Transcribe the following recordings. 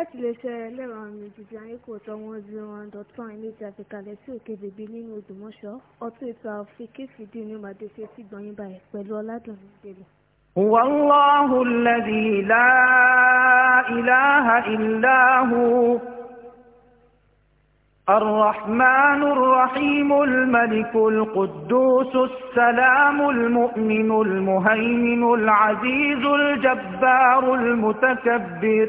láti lè ṣe ẹlẹ́rọ àmì ìjìjì ayékòótọ́ wọn zero one dot com ilé ìjà àfikàlẹ̀ sí òkè bèbí nínú Ògbómọ̀ṣọ́ ọtún ètò àfikè fìdí ní màdéṣe sí gbọ̀nyìn báyìí pẹ̀lú ọ̀làdùnní ìgbèlè. هو الله الذي لا إله إلا هو الرحمن الرحيم الملك القدوس السلام المؤمن المهيمن العزيز الجبار المتكبر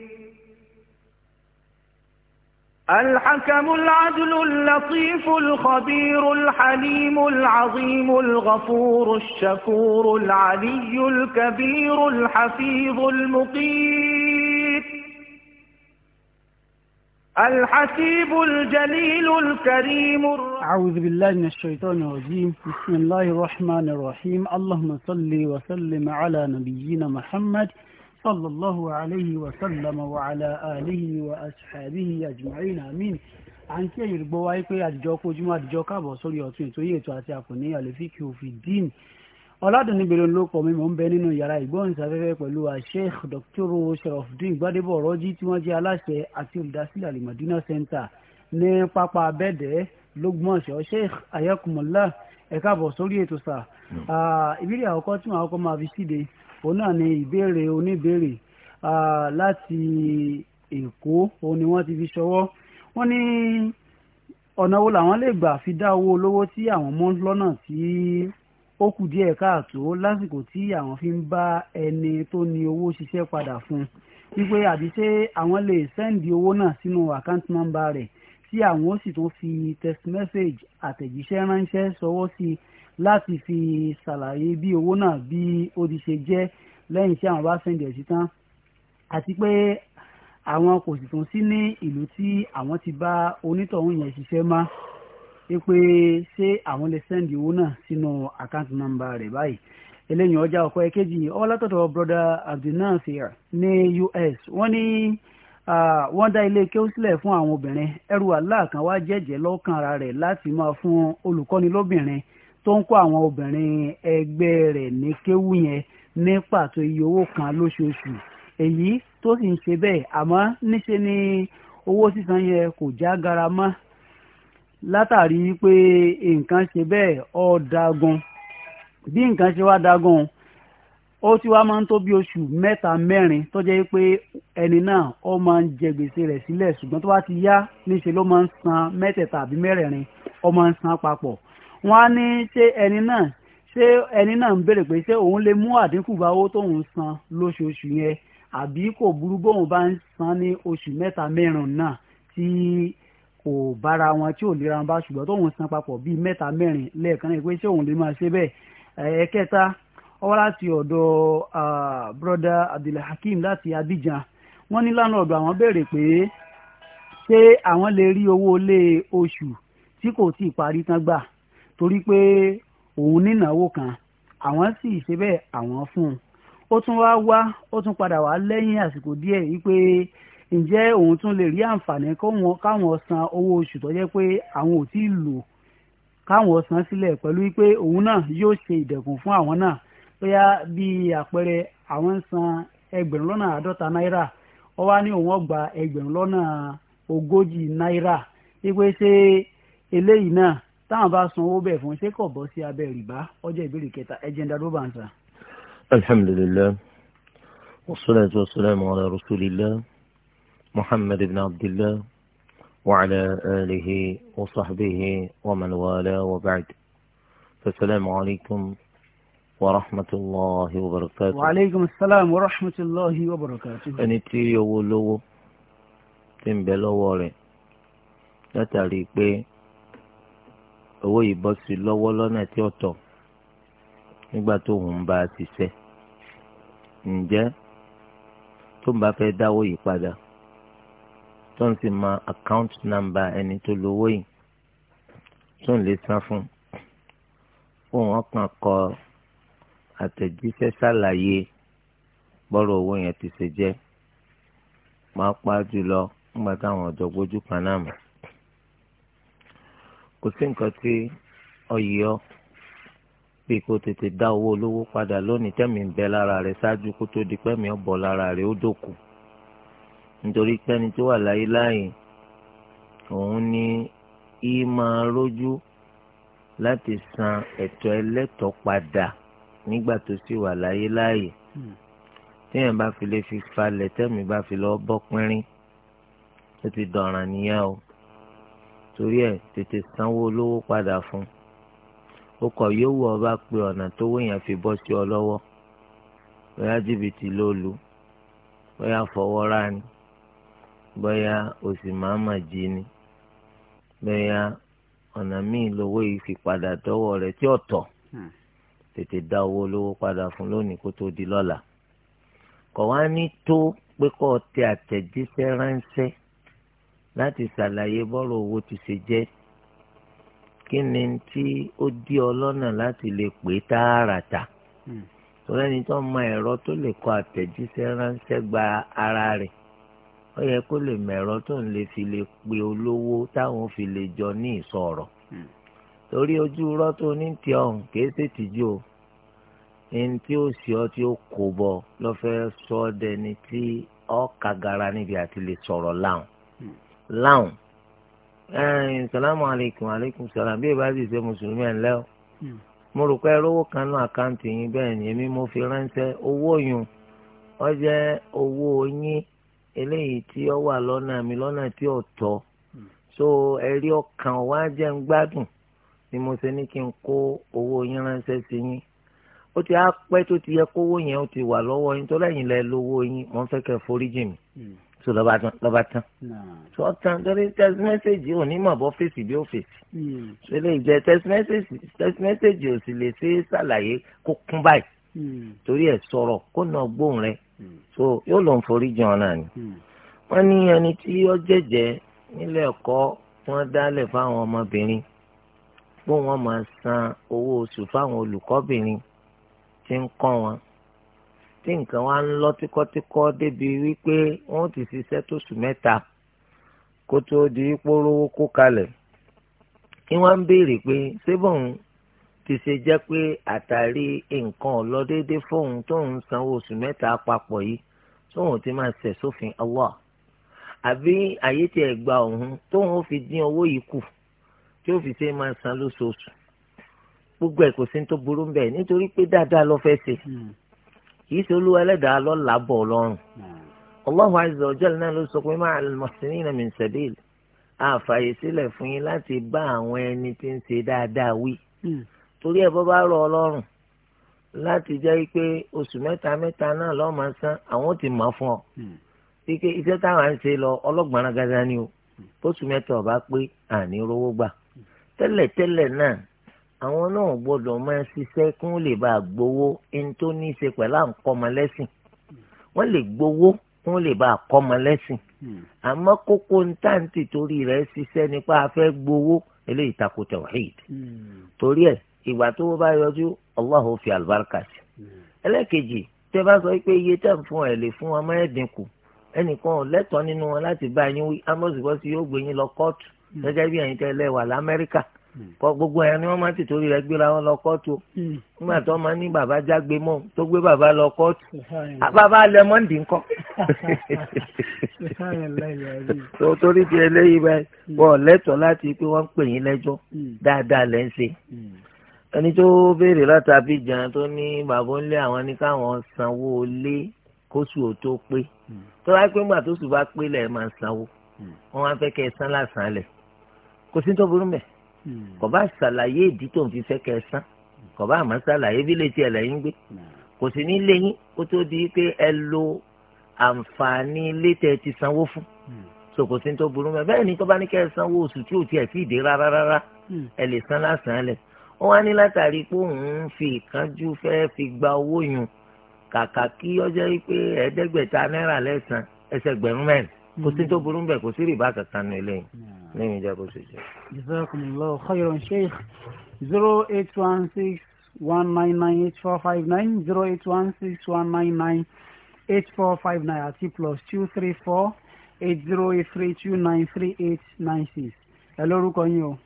الحكم العدل اللطيف الخبير الحليم العظيم الغفور الشكور العلي الكبير الحفيظ المقيت الحسيب الجليل الكريم أعوذ بالله من الشيطان الرجيم بسم الله الرحمن الرحيم اللهم صل وسلم على نبينا محمد صلى الله عليه وسلم وعلى آله وأصحابه أجمعين آمين عن ń kí ẹ̀yin gbọ́ wáyé pé àdìjọ kó ojúmọ́ àdìjọ káàbọ̀ sórí ọ̀tún ètò yìí ètò àti àkùnní àlefíkì òfin dín ọ̀làdùnní bèrè ló kọ́ mi mò ń bẹ nínú yàrá ìgbóhùnsáfẹ́fẹ́ pẹ̀lú Sheikh Dr. Sharafdin Gbadebo Ọ̀rọ́jí tí wọ́n jẹ́ aláṣẹ àti olùdásílẹ̀ Alimadina Center ní pápá abẹ́dẹ́ lọ́gbọ́nsọ̀ Sheikh ayakumullah ẹ káàbọ̀ sórí ètò sà ah, ìbílẹ̀ àkọ́kọ́ tí wọ́n àkọ́kọ́ máa fi síde òun náà ni ìbéèrè oníbéèrè láti èkó òun ni wọ́n ti fi ṣọwọ́ wọ́n ní ọ̀nà wo làwọn lè gbà fi dá owó olówó tí àwọn mú lọ́nà tí ó kù díẹ̀ káàtó lásìkò tí àwọn fi ń bá ẹni tó ní owó ṣiṣẹ́ padà fún wípé àbí ṣé àwọn lè sẹ́ǹdì owó náà sínú àkáǹtì nọ́mbà rẹ̀ tí àwọn ó sì tún fi text message àtẹ̀jíṣẹ́ ránṣẹ́ sọwọ́ sí i láti fi ṣàlàyé bí owó náà bí ó ti ṣe jẹ́ lẹ́yìn tí àwọn bá sẹ́ndì ẹ̀ sí tán àti pé àwọn kò sì tún sí ní ìlú tí àwọn ti bá onítọ̀hún yẹn ṣiṣẹ́ mọ́ ẹ pé ṣé àwọn lè sẹ́ndì owó náà sínú àkáǹtì nọ́mbà rẹ̀ báyìí eléyìí ọjà ọkọ ẹ̀kejì ọlọ́tọ̀tọ̀ broda abdulnasir ní US wọ́n ní wọ́n dá ilé kéwú sílẹ̀ fún àwọn obìnrin ẹrù aláàkánwá jẹ́jẹ́ lọ́kànra rẹ̀ láti máa fún olùkọ́ni lóbìnrin tó ń kó àwọn obìnrin ẹgbẹ́ rẹ̀ ní kéwú yẹn ní pàtó iye owó kan lóṣooṣù èyí tó sì ń ṣe bẹ́ẹ̀ àmọ́ níṣe ni owó sísan yẹn kò já gara mọ́ látàrí pé nǹkan ṣe bẹ́ẹ̀ ó dagun bí nǹkan ṣe wá dagun ó ti wá máa ń tó bí oṣù mẹ́ta mẹ́rin tó jẹ́ pé ẹni náà ó máa ń jẹ gbèsè rẹ̀ sílẹ̀ ṣùgbọ́n tó bá ti yá níṣe ló máa ń san mẹ́tẹ̀ẹ̀ta àbí mẹ́rẹ̀ẹ̀rin ó máa ń san papọ̀ wọ́n á ní ṣé ẹni náà ṣé ẹni náà ń béèrè pé ṣé òun lè mú àdínkù bá owó tóun san lóṣooṣù yẹn àbí kò burú bóun bá ń san ní oṣù mẹ́ta mẹ́rin náà tí kò bára wọn tí ò lera wọn bá ṣùgbọ́n tóun san papọ̀ bíi mẹ́ta mẹ́rin lẹ́ẹ̀kan náà pé ṣé òun lè máa ṣe bẹ́ẹ̀ ẹ̀ẹ́kẹta ọwọ́ láti ọ̀dọ̀ broda abdulhakeem láti abidjan wọ́n ní lánàá ọ̀dọ̀ àwọn béèrè pé ṣé àwọn lè rí owó lé oṣù tí kò tíì parí tán gbà torí pé òun nínáwó kan àwọn sì ṣe bẹ́ẹ̀ àwọn fún un ó tún wá wá ó tún padà wá lẹ́yìn àsìkò díẹ̀ wípé ǹjẹ́ òun tún lè rí àǹfààní káwọn san owó oṣù tó jẹ́ pé àwọn ò tí ì lò káwọn san sílẹ̀ pẹ̀lú wípé òun náà yóò ṣe ìdẹ̀kùn fún àwọn náà bóyá bí àpẹẹrẹ àwọn ń san ẹgbẹ̀rún lọ́nà àádọ́ta náírà ó wá ní òun ọgbà ẹgbẹ̀rún lọ́nà ogójì náírà wípé ṣé eléyìí náà táwọn bá san owó bẹ́ẹ̀ fún ṣé kò bọ́ sí abẹ́ rìbá ọjọ́ ìbéèrè kẹta ẹ̀jẹ̀ ńdá ló bá ń sà. alhamdulilayi wasalaatu wasalaamu ala rasulillah muhammad ibn abdillah wa ala alihi wa sahbihi wa man wa ba'd fasalaamu alaykum wa rahmatulahi wa barakatu. wa aleykum salaam wa rahmatulahi wa barakatu. ẹni tí owó lówó ti ń bẹ lọ́wọ́ rẹ̀ látàrí pé owó yìí bọ́ sí lọ́wọ́ lọ́nà tí ó tọ́ nígbà tó ń bá a ṣiṣẹ́ ǹjẹ́ tó ń bá fẹ́ dáwó yìí padà tó ń sì mọ account number ẹni tó lówó yìí tó ń lè san fún fún wọn kàn kọ àtẹ̀jíṣẹ́ ṣàlàyé bọ́rọ̀ owó yẹn ti ṣe jẹ́ pàápàá jùlọ nígbà táwọn ọ̀jọ̀gbójú kan náà mọ̀ kò sí nǹkan tí ọyọ pé kó tètè dá owó olówó padà lónìí tẹ́mi ń bẹ lára rẹ̀ ṣáájú kó tó di pẹ́mi ọ̀bọ̀ lára rẹ̀ ó dòkù nítorí pẹ́ni tó wà láyé láàyè òun ni í máa rójú láti san ẹ̀tọ́ ẹlẹ́tọ̀ọ́ padà nígbà tó sì wà láyé láàyè hmm. téèyàn bá fi lè fi falẹ̀ tẹ́mi bá fi lọ́ọ́ bọ́ pínrín ó ti dọ̀ràn nìyẹn o torí ẹ̀ tètè sanwó olówó padà fún un ó kọ̀ yóò wọ ọba pé ọ̀nà tó wéyàn fi bọ́ sí ọ lọ́wọ́ bóyá jìbìtì ló lu bóyá fọwọ́rá ni bóyá òsì màmá jí ni bóyá ọ̀nà míì lówó yìí fi padà dọ́wọ́ rẹ̀ tí ọ̀tọ̀ hmm. tètè dá owó olówó padà fún lónìí kó tó di lọ́la kọ̀ wá ní tó pé kọ́ ọ tẹ àtẹ̀jíṣẹ́ ránṣẹ́ láti ṣàlàyé bọ́rọ̀ owó ti ṣe jẹ́ kí ni tí ó dí ọ lọ́nà láti lè pè tààràtà hmm. torí ẹni tó mọ ẹ̀rọ tó lè kọ àtẹ̀jíṣẹ́ ránṣẹ́ gba ara rẹ̀ ó yẹ kó lè mọ ẹ̀rọ tó ń lè fi lè pe olówó táwọn fi lè jọ ní ìsọ̀rọ̀ hmm. torí ojú irọ́ tó ní tiẹ̀ ọ̀hún kìí ṣètìjú o ẹni tí ó sì ọ tí ó kò bọ̀ lọ́fẹ́ sọ́ọ́dẹni tí ó kagara níbi àti lè sọ̀rọ̀ láwọn láwọn ẹ̀ẹ́n eh, salamu alaykum aleykum salam bí ìbá sì ṣe mùsùlùmí ẹ̀ ńlẹ́ o hmm. mo rò pé rówó kan náà àkáǹtì yín bẹ́ẹ̀ ni èmi mo fi ránṣẹ́ owó yun ó jẹ́ owó yín eléyìí tí ó wà lọ́nà mi lọ́nà tí ò tọ́ hmm. so ẹ̀rí ọkàn wa jẹ́ ń gbádùn ni mo ṣe ní kí n kó owó yín ránṣẹ́ sí yín ó ti á pẹ́ tó ti yẹ kówó yẹn ó ti wà lọ́wọ́ yín tó lẹ́yìn lẹ́ lówó yín mo fẹ́ kẹ́ foríjì mi. Hmm so lọ́ba tán lọ́ba tán so ọ̀tàn torí text message ò ní mọ̀ bọ́ fèsì bí ó fèsì hmm. so lè jẹ́ text message text message ò sì lè ṣe é ṣàlàyé kó kún báyìí hmm. torí ẹ̀ sọ̀rọ̀ kó nà gbóhùn rẹ̀ hmm. so yóò lọ́n forí jàn náà ni wọ́n ní ẹni tí ó jẹ́jẹ́ nílé ẹ̀kọ́ wọ́n dálẹ̀ fáwọn ọmọbìnrin pé wọ́n máa san owó oṣù fáwọn olùkọ́bìnrin tí ń kọ́ wọn tí nǹkan wá ń lọ tíkọ́tíkọ́ débi wípé wọ́n ti ṣiṣẹ́ tó sùn mẹ́ta kó tó di ipò rówó kó kalẹ̀ kí wọ́n ń béèrè pé sébọ̀n ti ṣe jẹ́ pé àtàrí nǹkan ọ̀lọ́dédé fóun tóun sanwó oṣù mẹ́ta papọ̀ yìí tóun ti máa ṣẹ̀ sófin Allah àbí àyè tí ẹ̀ gba òun tóun ó fi dín owó yìí kù tí ó fi ṣe máa san lóṣooṣù gbogbo ẹ̀ kò sí ní tó burú bẹ́ẹ̀ nítorí pé dáadáa ló fẹ́ ṣe. Hmm kìí ṣe olúwa ẹlẹ́dàá lọ́la bọ̀ lọ́rùn hmm. Allahu azza wa jalla náà ló sọ pé ma'al muhsinina min sabil àfààyè sílẹ̀ fún yín láti bá àwọn ẹni tí ń ṣe dáadáa wí hmm. torí ẹ̀ bọ́ bá rọ ọlọ́run láti jẹ́ pé oṣù mẹ́ta mẹ́ta náà lọ́ọ́ máa san àwọn ti mọ̀ fún ọ hmm. pé iṣẹ́ táwọn ń ṣe lọ ọlọ́gbọ̀nrán gàdá ni o oṣù mẹ́ta ọ̀bá pé àní rówó gbà tẹ́lẹ̀tẹ́lẹ̀ náà àwọn náà gbọ́dọ̀ máa ṣiṣẹ́ kí wọ́n lè bá gbowó ẹni tó ní í ṣe pẹ̀lú à ń kọ́mọ lẹ́sìn wọ́n lè gbowó kí wọ́n lè bá kọ́mọ lẹ́sìn àmọ́ kókó ń tàǹtì torí rẹ̀ ṣiṣẹ́ nípa afẹ́ gbowó eléyìí tako tawhid torí ẹ̀ ìgbà tó bá yọjú Allah ó fi àlùbáríkà sí ẹlẹ́kejì tẹ́ bá sọ pé iye tẹ̀ ń fún ẹ̀ lè fún ọmọ ẹ̀ dínkù ẹnìkan ò lẹ́tọ̀ọ́ nínú wọn láti bá yín wí amọ̀sibọ́sí yóò gbé yín lọ kóòtù gẹ́gẹ́ bí ẹ̀yin tẹ́ lẹ́wà lamẹ́ríkà kọ gbogbo ẹ̀yàn ni wọ́n máa ti torí rẹ̀ gbéra wọn lọ kóòtù hmm. nígbà tó máa ní bàbá jágbe mọ́ tó gbé bàbá lọ kóòtù ah, bàbá lẹ mọ́ǹdì ńkọ́. tó torí di eléyìí bẹ́ẹ̀ hmm. wọ́n lẹ́tọ̀ọ́ láti pé wọ́n ń pè yín lẹ́jọ́ hmm. dáadáa lẹ́ ń ṣe ẹni tó béèrè láti Abidjan tó ní bàbá ńlé àwọn ní káwọn sanwó lé kóṣù tó pé tó wáá pé ńgbà tó sùn bá pé lẹ́ẹ̀ máa sanwó wọ́n wá fẹ́ kẹ́ ẹ san lásán lẹ̀ kò sí tó burú mẹ́ẹ̀ kò bá ṣàlàyé ìdí tó ń fi fẹ́ kẹ́ ẹ sán kò bá àmọ́ ṣàlàyé bí létí ẹ̀ lẹ́yìn gbé kò sí ní lẹ́yìn kó tó di pé ẹ lo àǹfààní létẹ̀ ti sanwó fún so kò sí ní tó burú mẹ́ bẹ́ẹ̀ ni tó bá ní kẹ́ ẹ sanwó oṣù tí ò tiẹ̀ tí ì dé rárá rárá ẹ lè san lásán lẹ̀ ó wá ní látàrí pé òun fi ìkánjú fẹ́ fi gba owó yun kàkà kí ọjọ́ yìí pé ẹ̀ẹ́dẹ́gbẹ̀ta náírà lẹ́sàn ẹsẹ̀ gbẹ̀rún mẹ́rin kò sí ní tó burú mẹ́ kò sí rìbá kankan nù eléyìí lẹ́yìn ìjà bó ṣe jẹ. jazakumullahu khairan sheikh zero eight one six one nine nine eight four five nine zero eight one six one nine nine eight four five nine àti plus two three four eight zero eight three two nine three eight nine six ẹ lórúkọ yín o.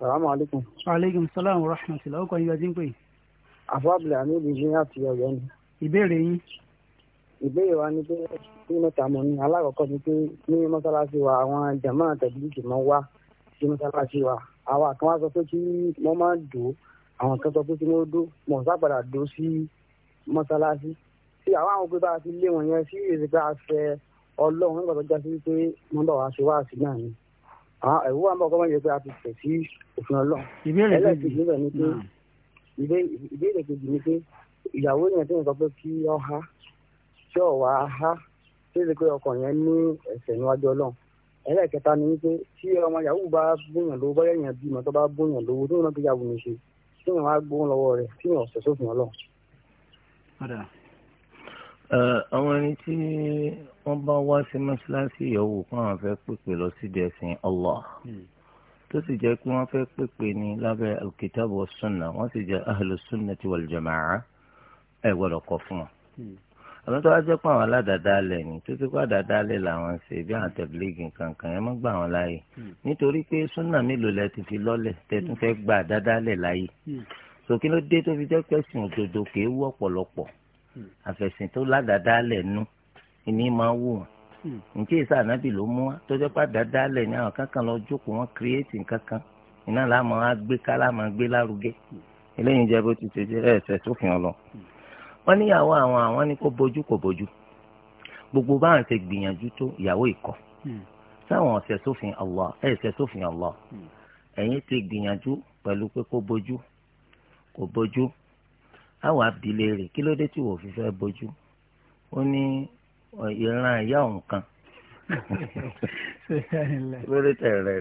salaamu aleykum. aleykum salaam wa rahmatulah. ó kọ́ yín bí a ti ń pè. àfọ abdulhamid ní àti ọ̀yọ́ ni. ìbéèrè yín ìbéèrè wa ni pé kí mẹ́ta mọ̀ ní alákọ̀ọ́kọ́ ni pé ní mọ́sálásí wa àwọn jàmáà tẹ̀bílìkì máa wá sí mọ́sálásí wa àwa kan wá sọ pé kí wọ́n máa dò ó àwọn kan sọ pé kí wọ́n dó mọ̀ sápadà dó sí mọ́sálásí tí àwọn àwọn pé bá a ti lé wọn yẹn sí ìrètí pé a fẹ́ ọlọ́run nígbà tó já sí pé wọ́n bá wa ṣe wá sí náà ni ẹ̀rú wa ń bọ̀ kọ́mọ́ yẹ pé a ti tẹ̀ sí òfin ọlọ́run ẹlẹ́ẹ̀kejì níbẹ̀ ni pé ìbéèrè kejì ni pé ìyàwó yẹn tó sọ pé kí ọ ha tí ọ̀wá há tí ó ṣe pé ọkọ yẹn ní ẹ̀ṣẹ̀ níwájú ọlọ́run ẹlẹ́ẹ̀kẹta ni wípé tí ọmọ yahoo bá bóyàn lówó bóyá èèyàn bímọ tó bá bóyàn lówó tó náà fi yàwó mi ṣe tí wọn á gbóhùn lọ́wọ́ rẹ̀ tí wọn ọ̀sẹ̀ sófin ọlọ́run. àwọn ẹni tí wọ́n bá wá sí mọ́ṣáláṣí ìyàwó kó àwọn fẹ́ pèpè lọ sídìí ẹ̀sìn Allah hmm. tó sì jẹ́ pé wọ́n fẹ́ pèpè ní lábẹ́ al-kitab wa sunna wọ́n sì jẹ́ ahlus sunnati jama'a ẹ̀ gbọ́dọ̀ kọ fún wọn. Hmm àmọ́ tó wá jẹ́ pé àwọn aládàádáalẹ̀ ni tó ti kó àdàádáalẹ̀ làwọn ń ṣe bí àwọn tẹ̀bílíìgì kankan ẹ má gbà wọn láàyè hmm. nítorí pé súnà mélòó lẹ ti fi lọ́lẹ̀ tẹ tún fẹ́ gba àdàádáalẹ̀ láàyè hmm. sòkè ló dé tó fi jẹ́ pẹ̀sìn òdodo kìí wú ọ̀pọ̀lọpọ̀ hmm. àfẹ̀sìn tó ládàádáalẹ̀ nú ìní máa wù wọn nítí ìsà ànábì ló mú wa tó jẹ́ pé àdàádáalẹ̀ ni àwọn kankan lọ jókòó wọn kírẹ́ẹ̀tì kankan iná làá máa gbé ká làá máa gbé lárugẹ eléyìí jẹ́ bó ti ṣe jẹ́ ẹ̀ẹ́sẹ̀ tó fi hàn lọ wọ́n níyàwó àwọn àwọn ní kó bójú kò bójú gbogbo báwọn ṣe gbìyànjú tó ìyàwó ìkọ hmm. sáwọn ọ̀sẹ̀ sófin Allah ẹ̀sẹ̀ sófin Allah hmm. ẹ̀yin ti gbìyànjú pẹ̀lú pé kó bójú kò bójú àwọn abilé rẹ̀ kí ló dé tí wò fi fẹ́ bójú ó ní ìran ìyá òun kan lórí tẹ̀rẹ̀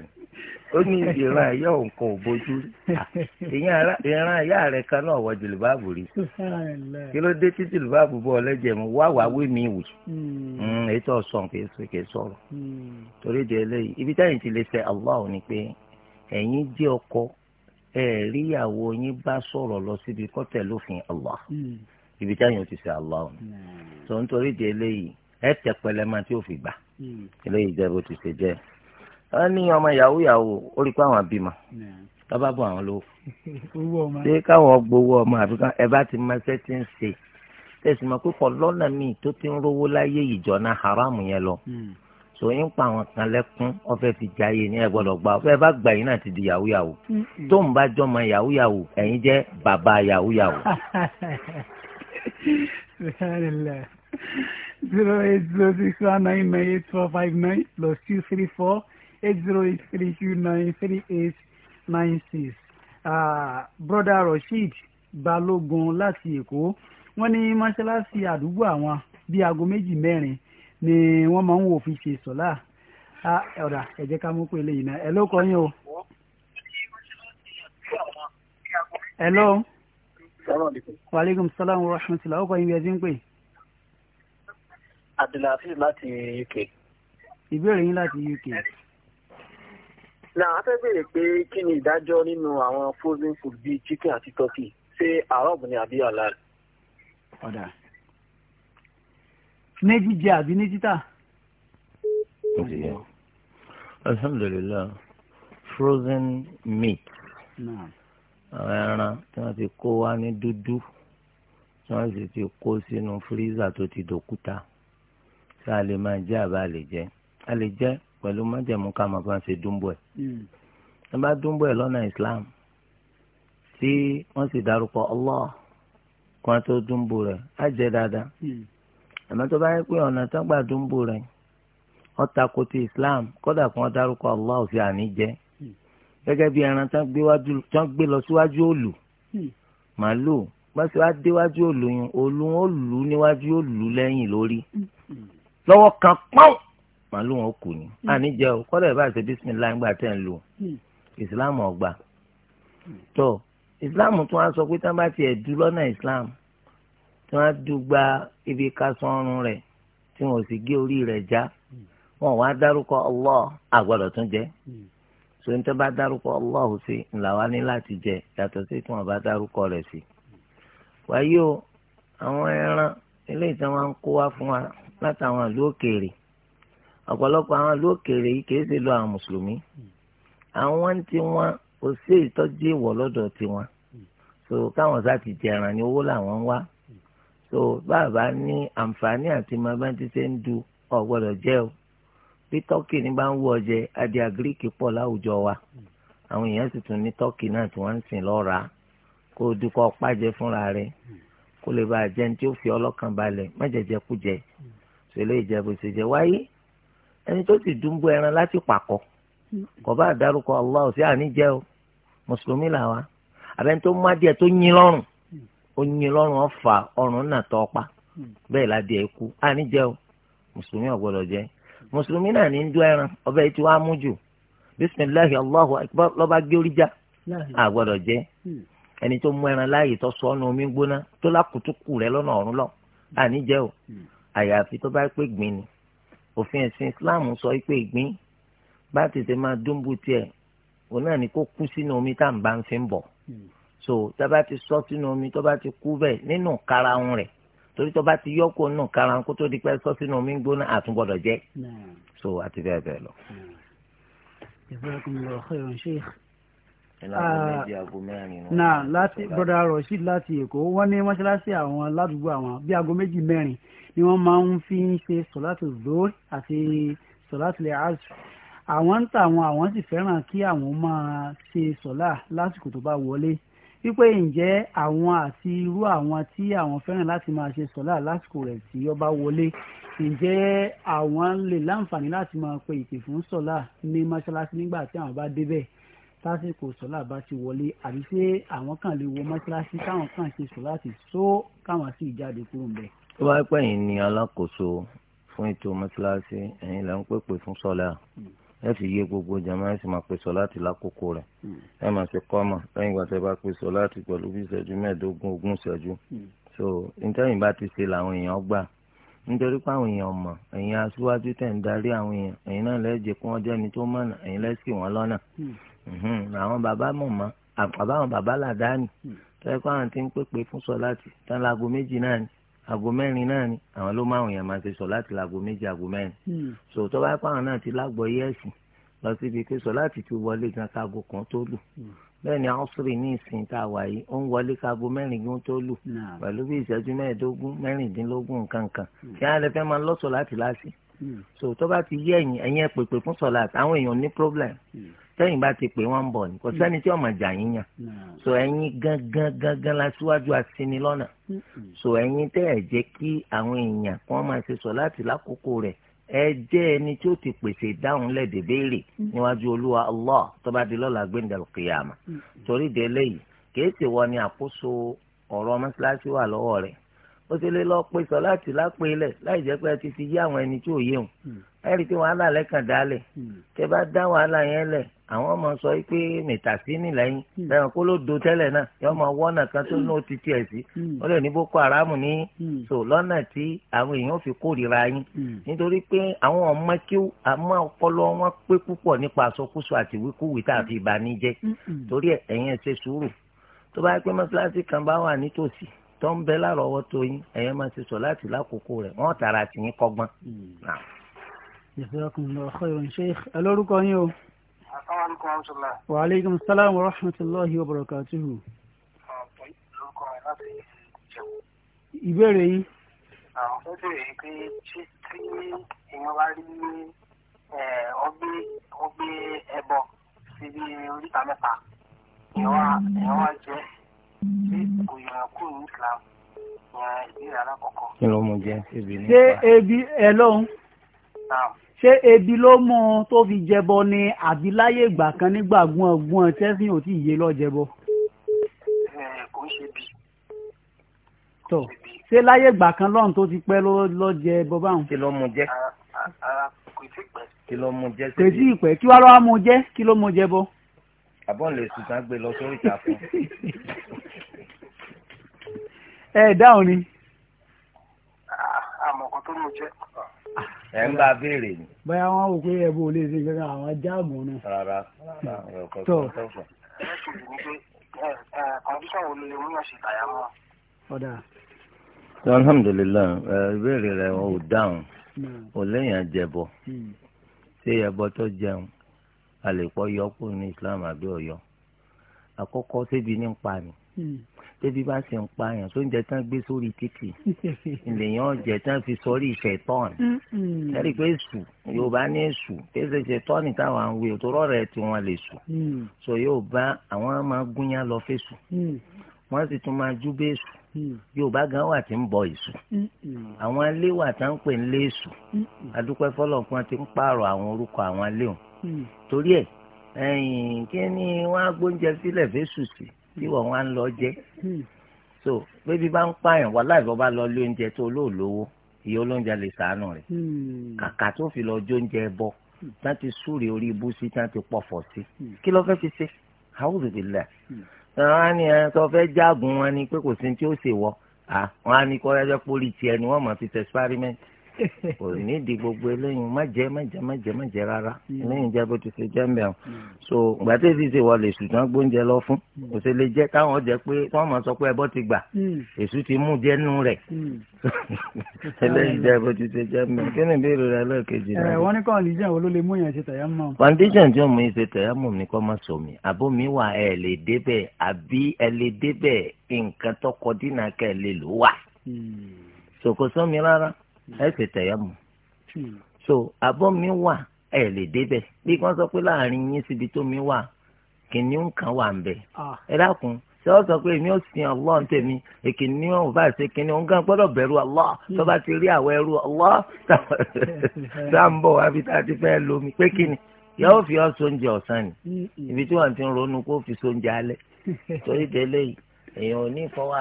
ó ní ìran ẹ̀yọ́ nǹkan ò bójú ìran ẹ̀yà rẹ̀ kan náà wọ jìlìbáàbù rí kí ló dé tí jìlìbáàbù bọ́ ọlẹ́jẹ̀ mu wá wàá wé mi wì ètò ọ̀sán kìí sọ̀rọ̀ hmm. torí di eléyìí ibi táyìn ti lè fẹ́ Allah ni pé ẹ̀yin jẹ́ ọkọ ẹ̀ rí ìyàwó yín bá sọ̀rọ̀ lọ síbi kọ́tẹ̀ lófin Allah hmm. ibi táyìn ti fẹ́ Allah ni tó ń torí di eléyìí ẹ̀ tẹ́ pẹlẹmà tí ò fi gbà hmm. eléyìí jẹ́ bó ti ṣe jẹ́ wọ́n ní ọmọ yahoo yahoo ó rí i pé àwọn abìmọ̀ lọ́ba bọ̀ àwọn lówó. ṣé káwọn gbowó ọmọ àbí kan ẹ bá ti máa ṣe ti ń ṣe tẹ̀sí ma pé kọ́ lọ́nà míì tó ti ń rówó láyé ìjọ náà haram yẹn lọ. sọ yín pa àwọn kan lẹ́kún ọ̀fẹ́ fi jayé ní ẹ gbọ́dọ̀ gba ọ̀fẹ́ bá gbà yín náà ti di yahoo yahoo tó ń bá jọmọ yahoo yahoo ẹ̀yin jẹ́ bàbá yahoo yahoo. zero eight zero six one nine nine eight four five nine plus two three four eight zero three two nine three eight nine six broda rasheed balógun láti èkó wọ́n ní mọ́ṣáláṣí àdúgbò àwọn bíi aago méjì mẹ́rin ni wọ́n máa ń wò fi ṣe sọ́lá ọ̀dà ẹ ká mú pé eléyìí náà ẹ kọ́ yín o. hello. waaleykum salaam wa rahmatulah ọkọ yín bí ẹ ti ń pè. abdulhafiz láti uk. ìbéèrè yín láti uk na a fẹ́ béèrè pé kí ni ìdájọ́ nínú àwọn frozen food bíi chicken àti turkey ṣé arab ni àbí halal. ọ̀dà ní jíjẹ àbí ní títà. alhamdulilayi frozen meat àwọn ẹran tí wọ́n ti kó wá ní dúdú tí wọ́n sì ti kó sínú fírísà tó ti dòkúta tí a lè máa jẹ àbá lè jẹ a lè jẹ pẹ̀lú májẹ̀mú ká máa bá ń ṣe dúnbọ̀ ẹ̀. ẹ hmm. bá dúnbọ̀ ẹ̀ lọ́nà islam tí wọ́n sì dárúkọ Allah kó wọ́n tó dúnbọ̀ rẹ̀ á jẹ́ dáadáa. Hmm. àmọ́ tó bá yẹ pé ọ̀nà tó gbà dúnbọ̀ rẹ̀ wọ́n tako ti islam kódà kó wọ́n dárúkọ Allah òfin àní jẹ́ hmm. gẹ́gẹ́ bí ẹran tó gbé lọ síwájú òòlù màálù gbọ́sẹ̀ wá déwájú òòlù yẹn òòlù wọn níwájú òòlù lẹ́yìn lórí lọ́wọ́ kan pọ́n màálù wọn kù ni àní hmm. jẹ o kọ́dọ̀ ẹ̀ bá ṣe bísímìlá ńgbà tẹ̀ ń lò ìsìláàmù hmm. ọgbà hmm. tó ìsìláàmù tún á sọ pé tá a bá tiẹ̀ dú lọ́nà ìsìláàmù tí wọ́n á dùgbà ibi ká sọ́run rẹ̀ tí wọ́n sì gé orí rẹ̀ já wọn wá dárúkọ Allah àgbọ̀dọ̀ tún jẹ́ so ní tó bá dárúkọ Allah sí ńlá wa ní láti jẹ yàtọ̀ sí tí wọ́n bá dárúkọ rẹ̀ sí. wáyé o àwọn ẹran eléyìí tí wọ́n ń kó wá fún wa látàwọn ìlú òkèèrè ọ̀pọ̀lọpọ̀ àwọn ìlú òkèèrè yìí kìí ṣe lọ àwọn mùsùlùmí àwọn ń ti wọn kò sí ìtọ́jú ìwọ̀ lọ́dọ̀ tiwọn so káwọn sá ti jẹran ní owó làwọn ń wá so bàbá ní àǹfààní àti màmá ti ṣe ń du ọ̀gbọ́dọ̀ jẹ́ o bí tọ́kì ní bá ń wú ọjẹ adìẹ àgíríkì pọ̀ láwùjọ wa àwọn èèyàn sì tún ní tọ́kì náà tí wọ́n ń sìn lọ́ra kó o dúkọ́ pàjẹ́ fúnra rẹ̀ kó lè bá a jẹun tí ó fi ọlọ́kàn balẹ̀ má kú jẹ ṣèlú ìjẹ́bù ṣèjẹ wáyé ẹni tó sì dúnbó ẹran láti pakọ kọbaa bá Allah o mùsùlùmí làwa àbẹ́ni tó mú adìẹ tó yín lọ́rùn ó yín lọ́rùn ọ̀fà ọ̀rùn náà tọ́ pa bẹ́ẹ̀ ládìẹ ikú àníjẹ́ o mùsùlùmí ò gbọ́dọ̀ jẹ mùsùlùmí náà ní dún ẹran ọbẹ̀ tí wàá mú jù bisimilahi Allahu akbar lọ́ba gé jẹ ẹni tó ẹran láàyè tó sọ ọ́nà omi gbóná tó rẹ lọ o àyàfi tó bá òfin ẹ̀sìn islam sọ pé ìgbín bá tètè máa dúnbù tiẹ̀ òun náà ni kó kú sínú omi tá à bá ń fi ń bọ̀ hmm. so tá bá ti sọ sínú omi tó bá ti kú bẹ́ẹ̀ nínú karahun rẹ̀ torí tó bá ti yọkọ nù karahun kó tó di pẹ́ sọ sínú omi gbóná àtúngbọ́dọ̀ jẹ́ so àti bẹ́ẹ̀ bẹ́ẹ̀ lọ. jazakumullahu khairan sheikh ah, náà láti broda Rasheed láti Èkó wọ́n ní mọ́ṣáláṣí àwọn ládùúgbò àwọn bíi aago méjì mẹ́rin ni wọ́n máa ń fi ń ṣe sọ̀látù zohr àti sọ̀látù lè azù àwọn ń tà àwọn àwọn sì fẹ́ràn kí àwọn máa ṣe sọ̀lá lásìkò tó bá wọlé wípé ǹjẹ́ àwọn àti irú àwọn tí àwọn fẹ́ràn láti máa ṣe sọ̀lá lásìkò rẹ̀ tí ó bá wọlé ǹjẹ́ àwọn lè láǹfààní láti máa pe ìpè fún sọ̀lá ní mọ́ṣáláṣí nígbà tí àwọn bá débẹ̀ tásìkò sọlá bá ti wọlé àbí ṣé àwọn kan lè wọ mọ́ṣáláṣí káwọn kan ṣe sọlá ti só káwọn sì jáde kúrò ńbẹ̀ tó bá pẹ́ yìí ni alákòóso fún ètò mọ́tíláṣí ẹ̀yin là ń pèpè fún sọ́lá ẹ sì yé gbogbo jama ẹ sì máa pè sọ́lá ti lákòókò rẹ̀ ẹ máa ṣe kọ́mà lẹ́yìn ìgbà tẹ́ bá pè sọ́lá pẹ̀lú bí ìṣẹ́jú mẹ́ẹ̀ẹ́dógún ogún ìṣẹ́jú so ìtẹ́yìn bá ti ṣe làwọn èèyàn gbà nítorí pé àwọn èèyàn mọ̀ ẹ̀yin aṣíwájú tẹ̀ ń darí àwọn èèyàn ẹ̀yin náà lẹ́jẹ̀ kí wọ́n jẹ́ni tó mọ̀nà ẹ̀yin lẹ́sìn wọn lọ́nà àwọn bàbá mọ̀ mọ́ àbáwọn bàbá làdáni tẹ́ pé àwọn ti ń pèpè fún sọ́lá ni aago mẹ́rin náà ni àwọn ló máa ń yàn máa ṣe sọ láti laago méjì aago mẹ́rin hmm. so tó bá pààrọ̀ náà ti lágbọ́ yẹ́sì lọ síbi pé sọ láti ti wọlé gan káago kan tó lù hmm. bẹ́ẹ̀ ni ọ́sùrì ní ìsìn tá a wà yìí ó ń wọlé kaago mẹ́rin gan tó lù pẹ̀lú bí ìṣẹ́jú mẹ́ẹ̀ẹ́dógún mẹ́rìndínlógún nǹkankan kí hmm. á lè fẹ́ máa lọ́sọ̀ láti láti so tó bá ti yẹ ẹ̀yìn ẹ̀yìn ẹ̀ fún sọ̀láàtì problem. sẹ́yìn bá ti pè wọ́n ń bọ̀ ní kò sẹ́ni tí ọmọ jà yín yàn mm. Mm. so ẹ̀yin gangan gangan la síwájú asini lọ́nà so ẹ̀yin tẹ́ ẹ̀ jẹ́ kí àwọn èèyàn kí wọ́n máa ṣe sọ láti lákòókò rẹ̀ ti pèsè ìdáhùn lẹ́dẹ̀ béèrè mm. níwájú allah tó bá di lọ́la torí wọ ni àkóso ọ̀rọ̀ mọ́ṣáláṣí wà lọ́wọ́ rẹ̀ ó ti lé lọ pé sọ láti lápè lẹ láì jẹ́ pé ẹ ti fi yí àwọn ẹni tí ò yé wọn hmm. ẹ rí i pé wàhálà lẹ́kàn dálẹ̀ hmm. tẹ́ bá dá wàhálà yẹn lẹ̀ àwọn ọmọ sọ pé mìtàsínì lẹ́yìn lẹ́yìn hmm. kó ló do tẹ́lẹ̀ náà yọ ọmọ wọ́nà kan tó ní otí tiẹ̀ sí ó lè ní boko haram ní so lọ́nà tí àwọn èèyàn fi kórìíra yín nítorí pé àwọn ọmọ kí àmọ́ ọpọlọ wọn pé púpọ̀ nípa àsọkúsọ àti wíkúwí tá a fi ìbànújẹ́ torí ẹ̀yin ẹ sùúrù tó bá yẹ pé mọ́ṣáláṣí kan bá wà nítòsí tó ń bẹ lárọ̀ọ́wọ́ tó yín ẹ̀yẹ́ máa ti sọ láti lákòókò rẹ̀ wọ́n tara tì yín kọ́gbọ́n. jazakumullahu khairan sheikh yín o. asalaamualeykum wa rahmatulah. wa aleykum salaam wa rahmatulahi wa barakatuhu. ìbéèrè yín. àwọn fẹ́ bèrè pé ṣé tí èèyàn bá rí ọgbẹ́ ẹbọ síbi oríta mẹ́ta èèyàn wá jẹ́ kí ló mú jẹ ebi nípa. ṣé ebi ẹ lóhun ṣé ebi ló mú un tó fi jẹbọ ni àbí láyé ìgbà kan nígbà gbọ̀ngbọ̀n tẹ́sán ò tí ì yé lọ jẹbọ. tó ṣé láyé ìgbà kan lọ́run tó ti pẹ́ ló jẹ bọ́bá òun. kí ló mú jẹ. kò tí ì pẹ́ kí ló mú jẹ. kò tí ì pẹ́ kí wàá lọ́wọ́ mú jẹ kí ló mú jẹ àbọ̀n lè sùn tán gbé lọ sórí ìta fún. ẹ dáhùn ni. Ah, àmọ̀kàn tó mú jẹ́. ẹ ń bá a béèrè ni. báyà wọn wò pé ẹbú ò lè ṣe kankan àwọn jáàmù náà. rárá hmm. tó ẹ sì ní pé ẹ kọ́ndíṣàn wo lè mú ọ̀sẹ̀ ìtàyà mọ́. ọ̀dà. alhamdulilayi ìbéèrè rẹ ò dáhùn ò hmm. lẹ́yìn àjẹbọ hmm. ṣé ẹbọ tó jẹun àlèpọ̀ yọ kúrò ní islam àbí ọ̀yọ́ àkọ́kọ́ ṣébi ní ń ni hmm. tẹ́bí bá ṣe ń pa yàn tó ń jẹ tán gbé sórí títì lèyàn jẹ tán fi sọrí ìfẹ́ tọ́ọ̀n hmm. ẹ̀rí pé sù yorùbá ní sù kéṣe ṣe tọ́ọ̀nì táwọn àwọn wí òtò rọ̀rọ̀ ẹ̀ tí wọ́n lè sù hmm. sọ yorùbá àwọn máa gúnyán lọ fèsù wọ́n sì tún máa jú bẹ́ẹ̀sù yorùbá gan wà tí ń bọ èṣù àwọn ilé wà tá ń pè ń lé èṣù adúpẹ́ fọlọ́pọ́n ti ń pààrọ̀ àwọn orúkọ àwọn ilé òun Hmm. torí ẹ̀ ẹ̀yìn kí ni á gbóúnjẹ sílẹ̀ fésù sí bí wọ́n wá ń lọ jẹ hmm. so bébí bá ń pààyàn wà láì bọ́ bá lọ lé oúnjẹ tó olóòlówó ìyá olóúnjẹ lè sàánù rẹ̀ hmm. kàkà tó fi lọ jóúnjẹ bọ́ tí ti súre orí ibú sí tí ti pọ̀fọ̀ sí kí ló fẹ́ fi ṣe àwùjọ ti lẹ̀ wọn á ní ẹni tó fẹ́ jágun wọn ni pé kò sí ní tí ó ṣèwọ́ wọn á ní kọ́ ẹjọ́ pórí tiẹ̀ ni wọ́n mọ̀ fi tẹ̀ experiment kò nídìí gbogbo eléyìí má jẹ má jẹ má jẹ má jẹ rárá mm. eléyìí jẹ bó ti ṣe jẹ o mm. so gbàtẹ́ sì ṣe wọlé ṣùgbọ́n gbóúnjẹ lọ fún mm. kò ṣe lè jẹ káwọn jẹ pé wọ́n máa sọ pé ẹbọ ti gbà èṣù ti mú jẹ nù rẹ̀ eléyìí jẹ bó ti ṣe jẹ o kí ni ìbéèrè rẹ lẹ́ẹ̀kejì náà. Eh, wọ́n ní kọ́ndíṣàn wo ló lè mú yẹn ṣe tẹ̀yàmù. kọ́ndíṣàn tí òun ṣe tẹ̀yàmù ni kọ́ máa sọ mi àbó mi wà ẹ̀ lè débẹ̀ àbí ẹ̀ lè débẹ̀ nǹkan tọkọ dínà kẹ́ ẹ ṣe tẹ̀yàmù hmm. so àbọ̀ mi wà ẹ lè bí wọ́n sọ pé láàrin yín síbi tó mi wà kìnìún kan wà ń bẹ̀ ah. ẹ dákun ṣé wọ́n sọ pé èmi ò sin Allah ntẹ̀mí èkìní ò bá ṣe kíní òun gan gbọdọ tó bá ti rí àwọn àbí tá a ti lomi pé kíni yóò fi ọsọ ni hmm. Hmm. ibi tí ti ń ronú kó fi torí délé èèyàn ò ní fọwọ́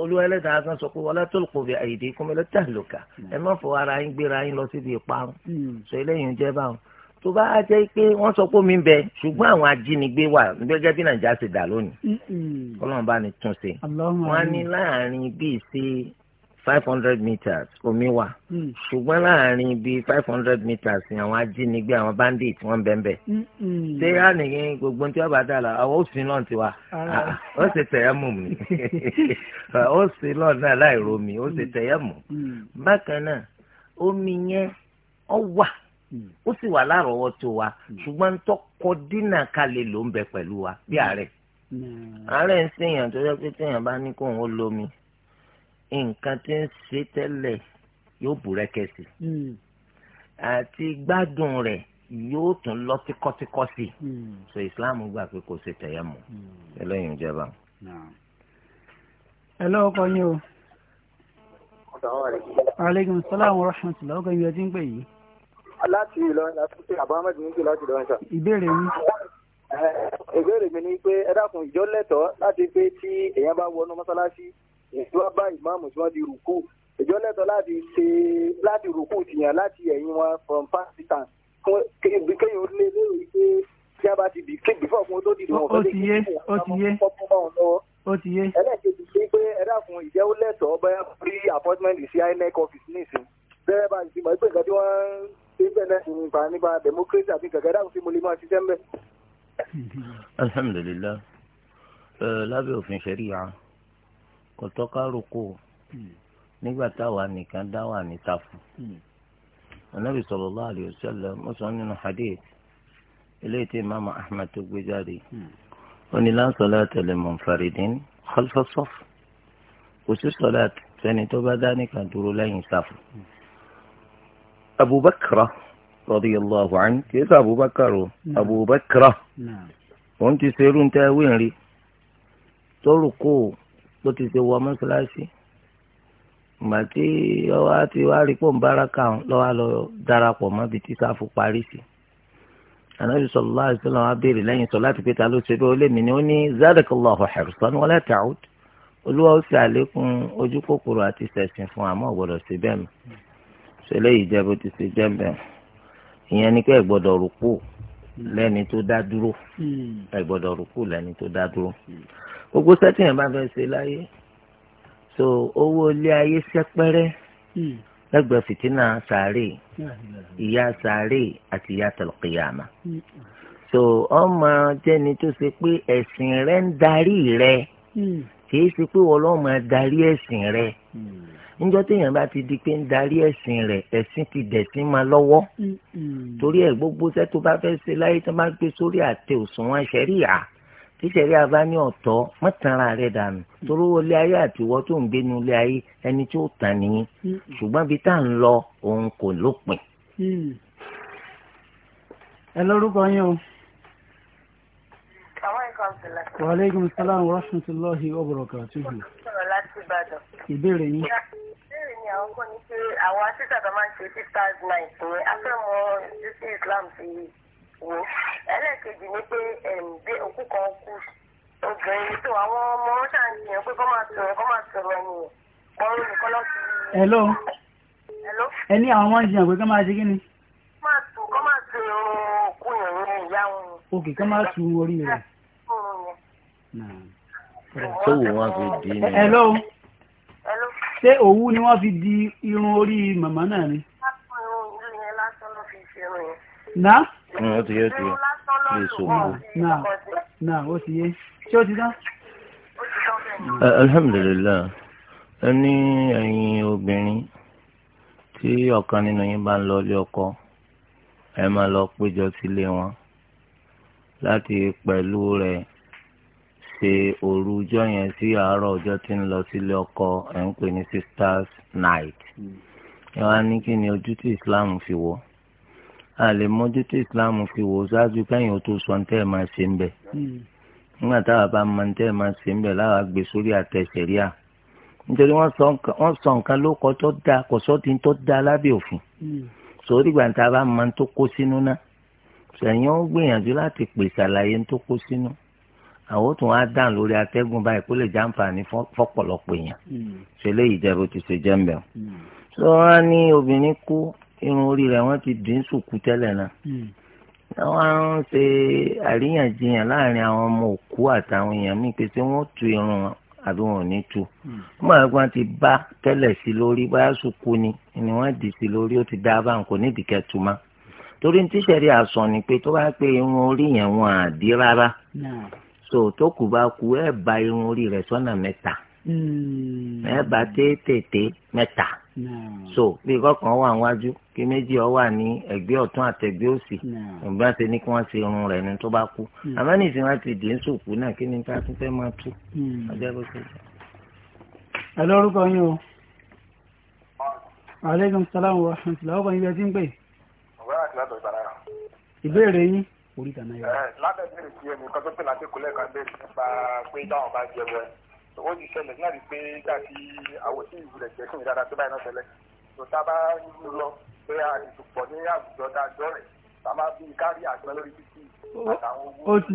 olú ẹlẹ́dàá kan sọ pé wala tulqu bi aydikum ila tahluka hmm. ẹ má fọwọ́ ara yín gbéra yín lọ síbi ìparun hmm. sọ eléyìí ń jẹ́ báwọn tó bá jẹ́ pé wọ́n sọ pé omi bẹ ṣùgbọ́n àwọn ajínigbé wà gẹ́gẹ́ bí nàìjíríà ṣe dà lónìí hmm. ọlọ́run bá tún ṣe wọ́n á ní láàrin bíi ṣe five hundred meters omi wà hmm. ṣùgbọ́n láàrin bíi five hundred meters ni àwọn ajínigbé àwọn bandits wọ́n bẹ̀ ń bẹ̀ hmm, hmm. ṣé á nìyẹn gbogbo tí wọ́n bá dà la àwọn òsín náà ti wà ah. Ah, ó sì tẹ̀yẹ́ mù mí ó sì lọ́ọ̀ náà láì romi ó sì tẹ̀yẹ́ mù bákan náà omi yẹn ọ wà ó sì wà lárọ̀ọ́wọ́tó wa ṣùgbọ́n tọkọ dínà kalẹ̀ ló ń bẹ pẹ̀lú wa bí àárẹ̀ àárẹ̀ ń ṣèyàn tó yẹ pé téèyàn bá ní kóun ó lómi nǹkan tí ń ṣe tẹ́lẹ̀ yóò bùrẹ́kẹ̀ sí hmm. àti gbádùn rẹ̀ yóò tún lọ tíkọ́tíkọ́ sí i hmm. so Islam gbà pé kò ṣe tẹ̀yẹ̀ mọ́ hmm. ẹlẹ́yin ìjọba. ẹ lọ́wọ́ kọ́ yín o. aleykum salaam wa rahmatulah ọkọ ìyẹn ti ń pè yìí. aláàtì Ìlọrin láti pé abdulhamid níbi láti Ìlọrin sà. ìbéèrè mi. Eh, ìbéèrè mi ni pé ẹ dákun ìjọ lẹ́tọ̀ọ́ láti pé tí èèyàn bá wọnú mọ́sálásí ìjọba bá ìmáàmù tí wọ́n di rùkú ìjọ lẹ́tọ̀ láti ṣe láti rùkú tìyàn láti ẹ̀yìn wọn from past distance fún kéyìn orílẹ̀ èdè yìí pé tí a bá ti bì kébì fún ọkùnrin tó dìde wọn fẹ́ lè kí wọn kọ́ fún báwọn lọ́wọ́ ẹlẹ́ẹ̀kejì sí pé ẹ dákun ìjẹ́ ó lẹ́tọ̀ọ́ bẹ́ẹ̀ free appointment sí INEC office nísìn bẹ́ẹ̀ bá ti mọ̀ pé nǹkan tí wọ́n ń ṣe bẹ́ẹ̀ náà nípa nípa democracy àti kẹ̀kẹ́ dákun sí mo lè máa ṣiṣẹ́ mbẹ́. alhamdulilayi lábẹ́ òfin ṣẹ̀ríya kò tọ́ka roko nígbà táwa nìkan dá wà níta fún anabi sallallahu alayhi wa sallam ó sọ nínú hadith eléyìí tí mama ahmed tó gbé jáde ó ní la salata li munfaridin khalfa saf kò sí sọláàtì sẹni tó bá dá nìkan dúró lẹ́yìn tafu abubakar rọdí radiyallahu anhu kì í sọ abubakar o abubakar òun ti ṣerú ń tẹ́ wíìrì tó rò kó o. bó ti ṣe wọ mọ́ṣáláṣí ìgbà tí ọwọ́ àti wá rí pò ń bára kàún lọ́wọ́ lọ darapọ̀ mọ́ ibi tí sáfù parí sí anabi sallallahu alaihi wasallam abéèrè lẹ́yìn sọ láti pété alóṣè bí olèmi ni ó ní zadakallahu hirsan wala ta'ud olúwa ó sì àlékún ojú kòkòrò àti sẹ̀sìn fún àmọ́ ọ̀gbọ́dọ̀ sí bẹ́ẹ̀ mi ṣẹlẹ̀ yìí jẹ́ bó ti ṣe jẹ́ bẹ́ẹ̀ ìyẹn ni pé ẹ rúkú lẹ́ni tó dá dúró hmm. ẹ rúkú lẹ́ni tó dá dúró. Hmm gbogbo sẹ́tìyàn bá fẹ́ ṣe láyé so owó ilé ayé sẹ́pẹ́rẹ́ hmm. lẹ́gbẹ̀ẹ́ fìtínà sàárè ìyà sàárè àti ìyà tọ̀lùkìyàmà hmm. so ọmọ jẹ́ni tó ṣe pé ẹ̀sìn rẹ ń darí rẹ hmm. kìí ṣe pé wọ́n darí ẹ̀sìn rẹ níjọ́ téèyàn bá ti di pé ń darí ẹ̀sìn rẹ̀ ẹ̀sìn ti dẹ̀sìn máa lọ́wọ́ torí ẹ̀ gbogbo iṣẹ́ bá fẹ́ ṣe láyé tó bá gbé sórí àtẹ òṣùwọ̀n ṣẹ̀ríà tíṣẹ̀rí abá ní ọ̀tọ̀ mọ́tàrà rẹ̀ dànù torí wọlé ayé àtiwọ́ tó ń gbénu lé ayé ẹni tó tàn nìyí ṣùgbọ́n bí tá à ń lọ òun kò lópin. ẹ lórúkọ yín o. wa aleykum salaam wa rahmatulahi wa barakatuh. sọ̀rọ̀ láti ìbàdàn. ìbéèrè yín. ìbéèrè ni àwọn kan ní pé àwọn asísàtà máa ń ṣe six thousand nine ìpínlẹ̀ afẹ́ mọ́ ṣíṣí Islam ti yìí wo ẹlẹ́ẹ̀kejì ni pé bí òkú kan kú obìnrin tó àwọn ọmọ ọ̀tá nìyẹn pé kọ́ máa sọ̀rọ̀ kọ́ máa sọ̀rọ̀ ẹ̀yìn kọ́ olùkọ́ lọ sí. hello hello. ẹ ní àwọn ọmọ ìjìyàn pé kọ́ máa ṣe kí ni. kọ́ máa tu òkú yẹn ní ìyá wọn. ok kọ́ máa tu orí rẹ̀. tó wù wọ́n fi di ni. hello. hello. ṣé òwú ni wọ́n fi di irun orí màmá náà ni. wọ́n á tún irun yẹn lásán ló fi ṣe irun yẹn. Mm, ó ti yé ó ti yé lè sòwò. náà ó ti yé ṣé ó ti dán. Eh, alhamdulilayi ẹni ẹ̀yin obìnrin tí ọ̀kan nínú yín bá ń lọ ilé ọkọ ẹ máa lọ péjọ sílé wọn láti pẹ̀lú rẹ̀ ṣe òru ọjọ́ yẹn sí àárọ̀ ọjọ́ tí ń lọ sílé ọkọ ẹ̀ ń pè ní sisters night. Mm. ẹ wá ní kí ni ojú tí Islam fi wọ̀ a lè mójútó ìsìláàmù fi wò ṣáájú kẹ́yìn ó tó sọ ní tẹ́ ẹ máa ṣe ń bẹ̀. Hmm. nígbà táwa bá mọ ní tẹ́ ẹ máa ṣe ń bẹ̀ láwa gbé sórí àtẹ̀sẹ̀ríà nítorí wọ́n sọ nǹkan ló kọ́ tó da kò sọ́ ti tó da lábẹ́ òfin hmm. sórí ìgbà tá a bá mọ tó kó sínú náà sẹ̀yìn ó gbìyànjú láti pèsè àlàyé tó kó sínú àwọn tó wá dàn lórí atẹ́gùn báyìí kó lè jàǹfààní fọ́pọ̀lọpọ̀ irun orí rẹ̀ wọ́n ti dín sùkú tẹ́lẹ̀ náà hmm. wọ́n ń ṣe àríyànjiyàn láàrin àwọn ọmọ òkú àtàwọn èèyàn míì pé ṣé wọ́n tú irun wọn àbí wọn ò ní tú nígbà wọn ti bá tẹ́lẹ̀ sí lórí báyà sùkú ni ni wọ́n dì sí lórí ó ti dá a bá ń kò ní ìdíkẹ́ tu mọ́ torí ní tíṣẹ̀rí àsọ ni pé tó bá pé irun orí yẹn wọn à dí rárá so tó kù bá kú ẹ̀ bá irun orí rẹ̀ sọ́nà mẹ́ta hmm. ẹ̀ bá tètè mẹ́ta so bí kọkàn wà níwájú kí méjì ọ wà ní ẹ̀gbẹ́ ọ̀tún àtẹ̀gbẹ́ òsì ìgbà tẹ ní kí wọn ṣe irun rẹ̀ ní tó bá kú àmọ́ ní ìsìn wọn ti dé ń sòkú náà kí ni tá a tún fẹ́ máa tú ọjọ́ hmm. bó ṣe jẹ. ẹ lórúkọ yín o aleykum salaam wa rahmatulah ọkọ yín bí ẹ ti ń pè. ọ̀gbẹ́rẹ́ àti látọ̀ ìbára. ìbéèrè yín orí kan náà yọ. lábẹ́ ìbéèrè tí ẹnì tó pè láti kúlẹ̀ kan bẹ́ẹ̀ nípa pé táwọn bá jẹ bẹ́ẹ̀ ó ti ṣẹlẹ̀ náà rí pé dàbí àwòsí ìwúrẹ̀ jẹ́ fún ìdára tó báyìí náà tẹ́lẹ̀ tó tá a lọ pé a pọ̀ ní àwùjọ dájọ́ rẹ̀ tá a kárí àgbẹ̀ lórí títì àtàwọn owó. ó ti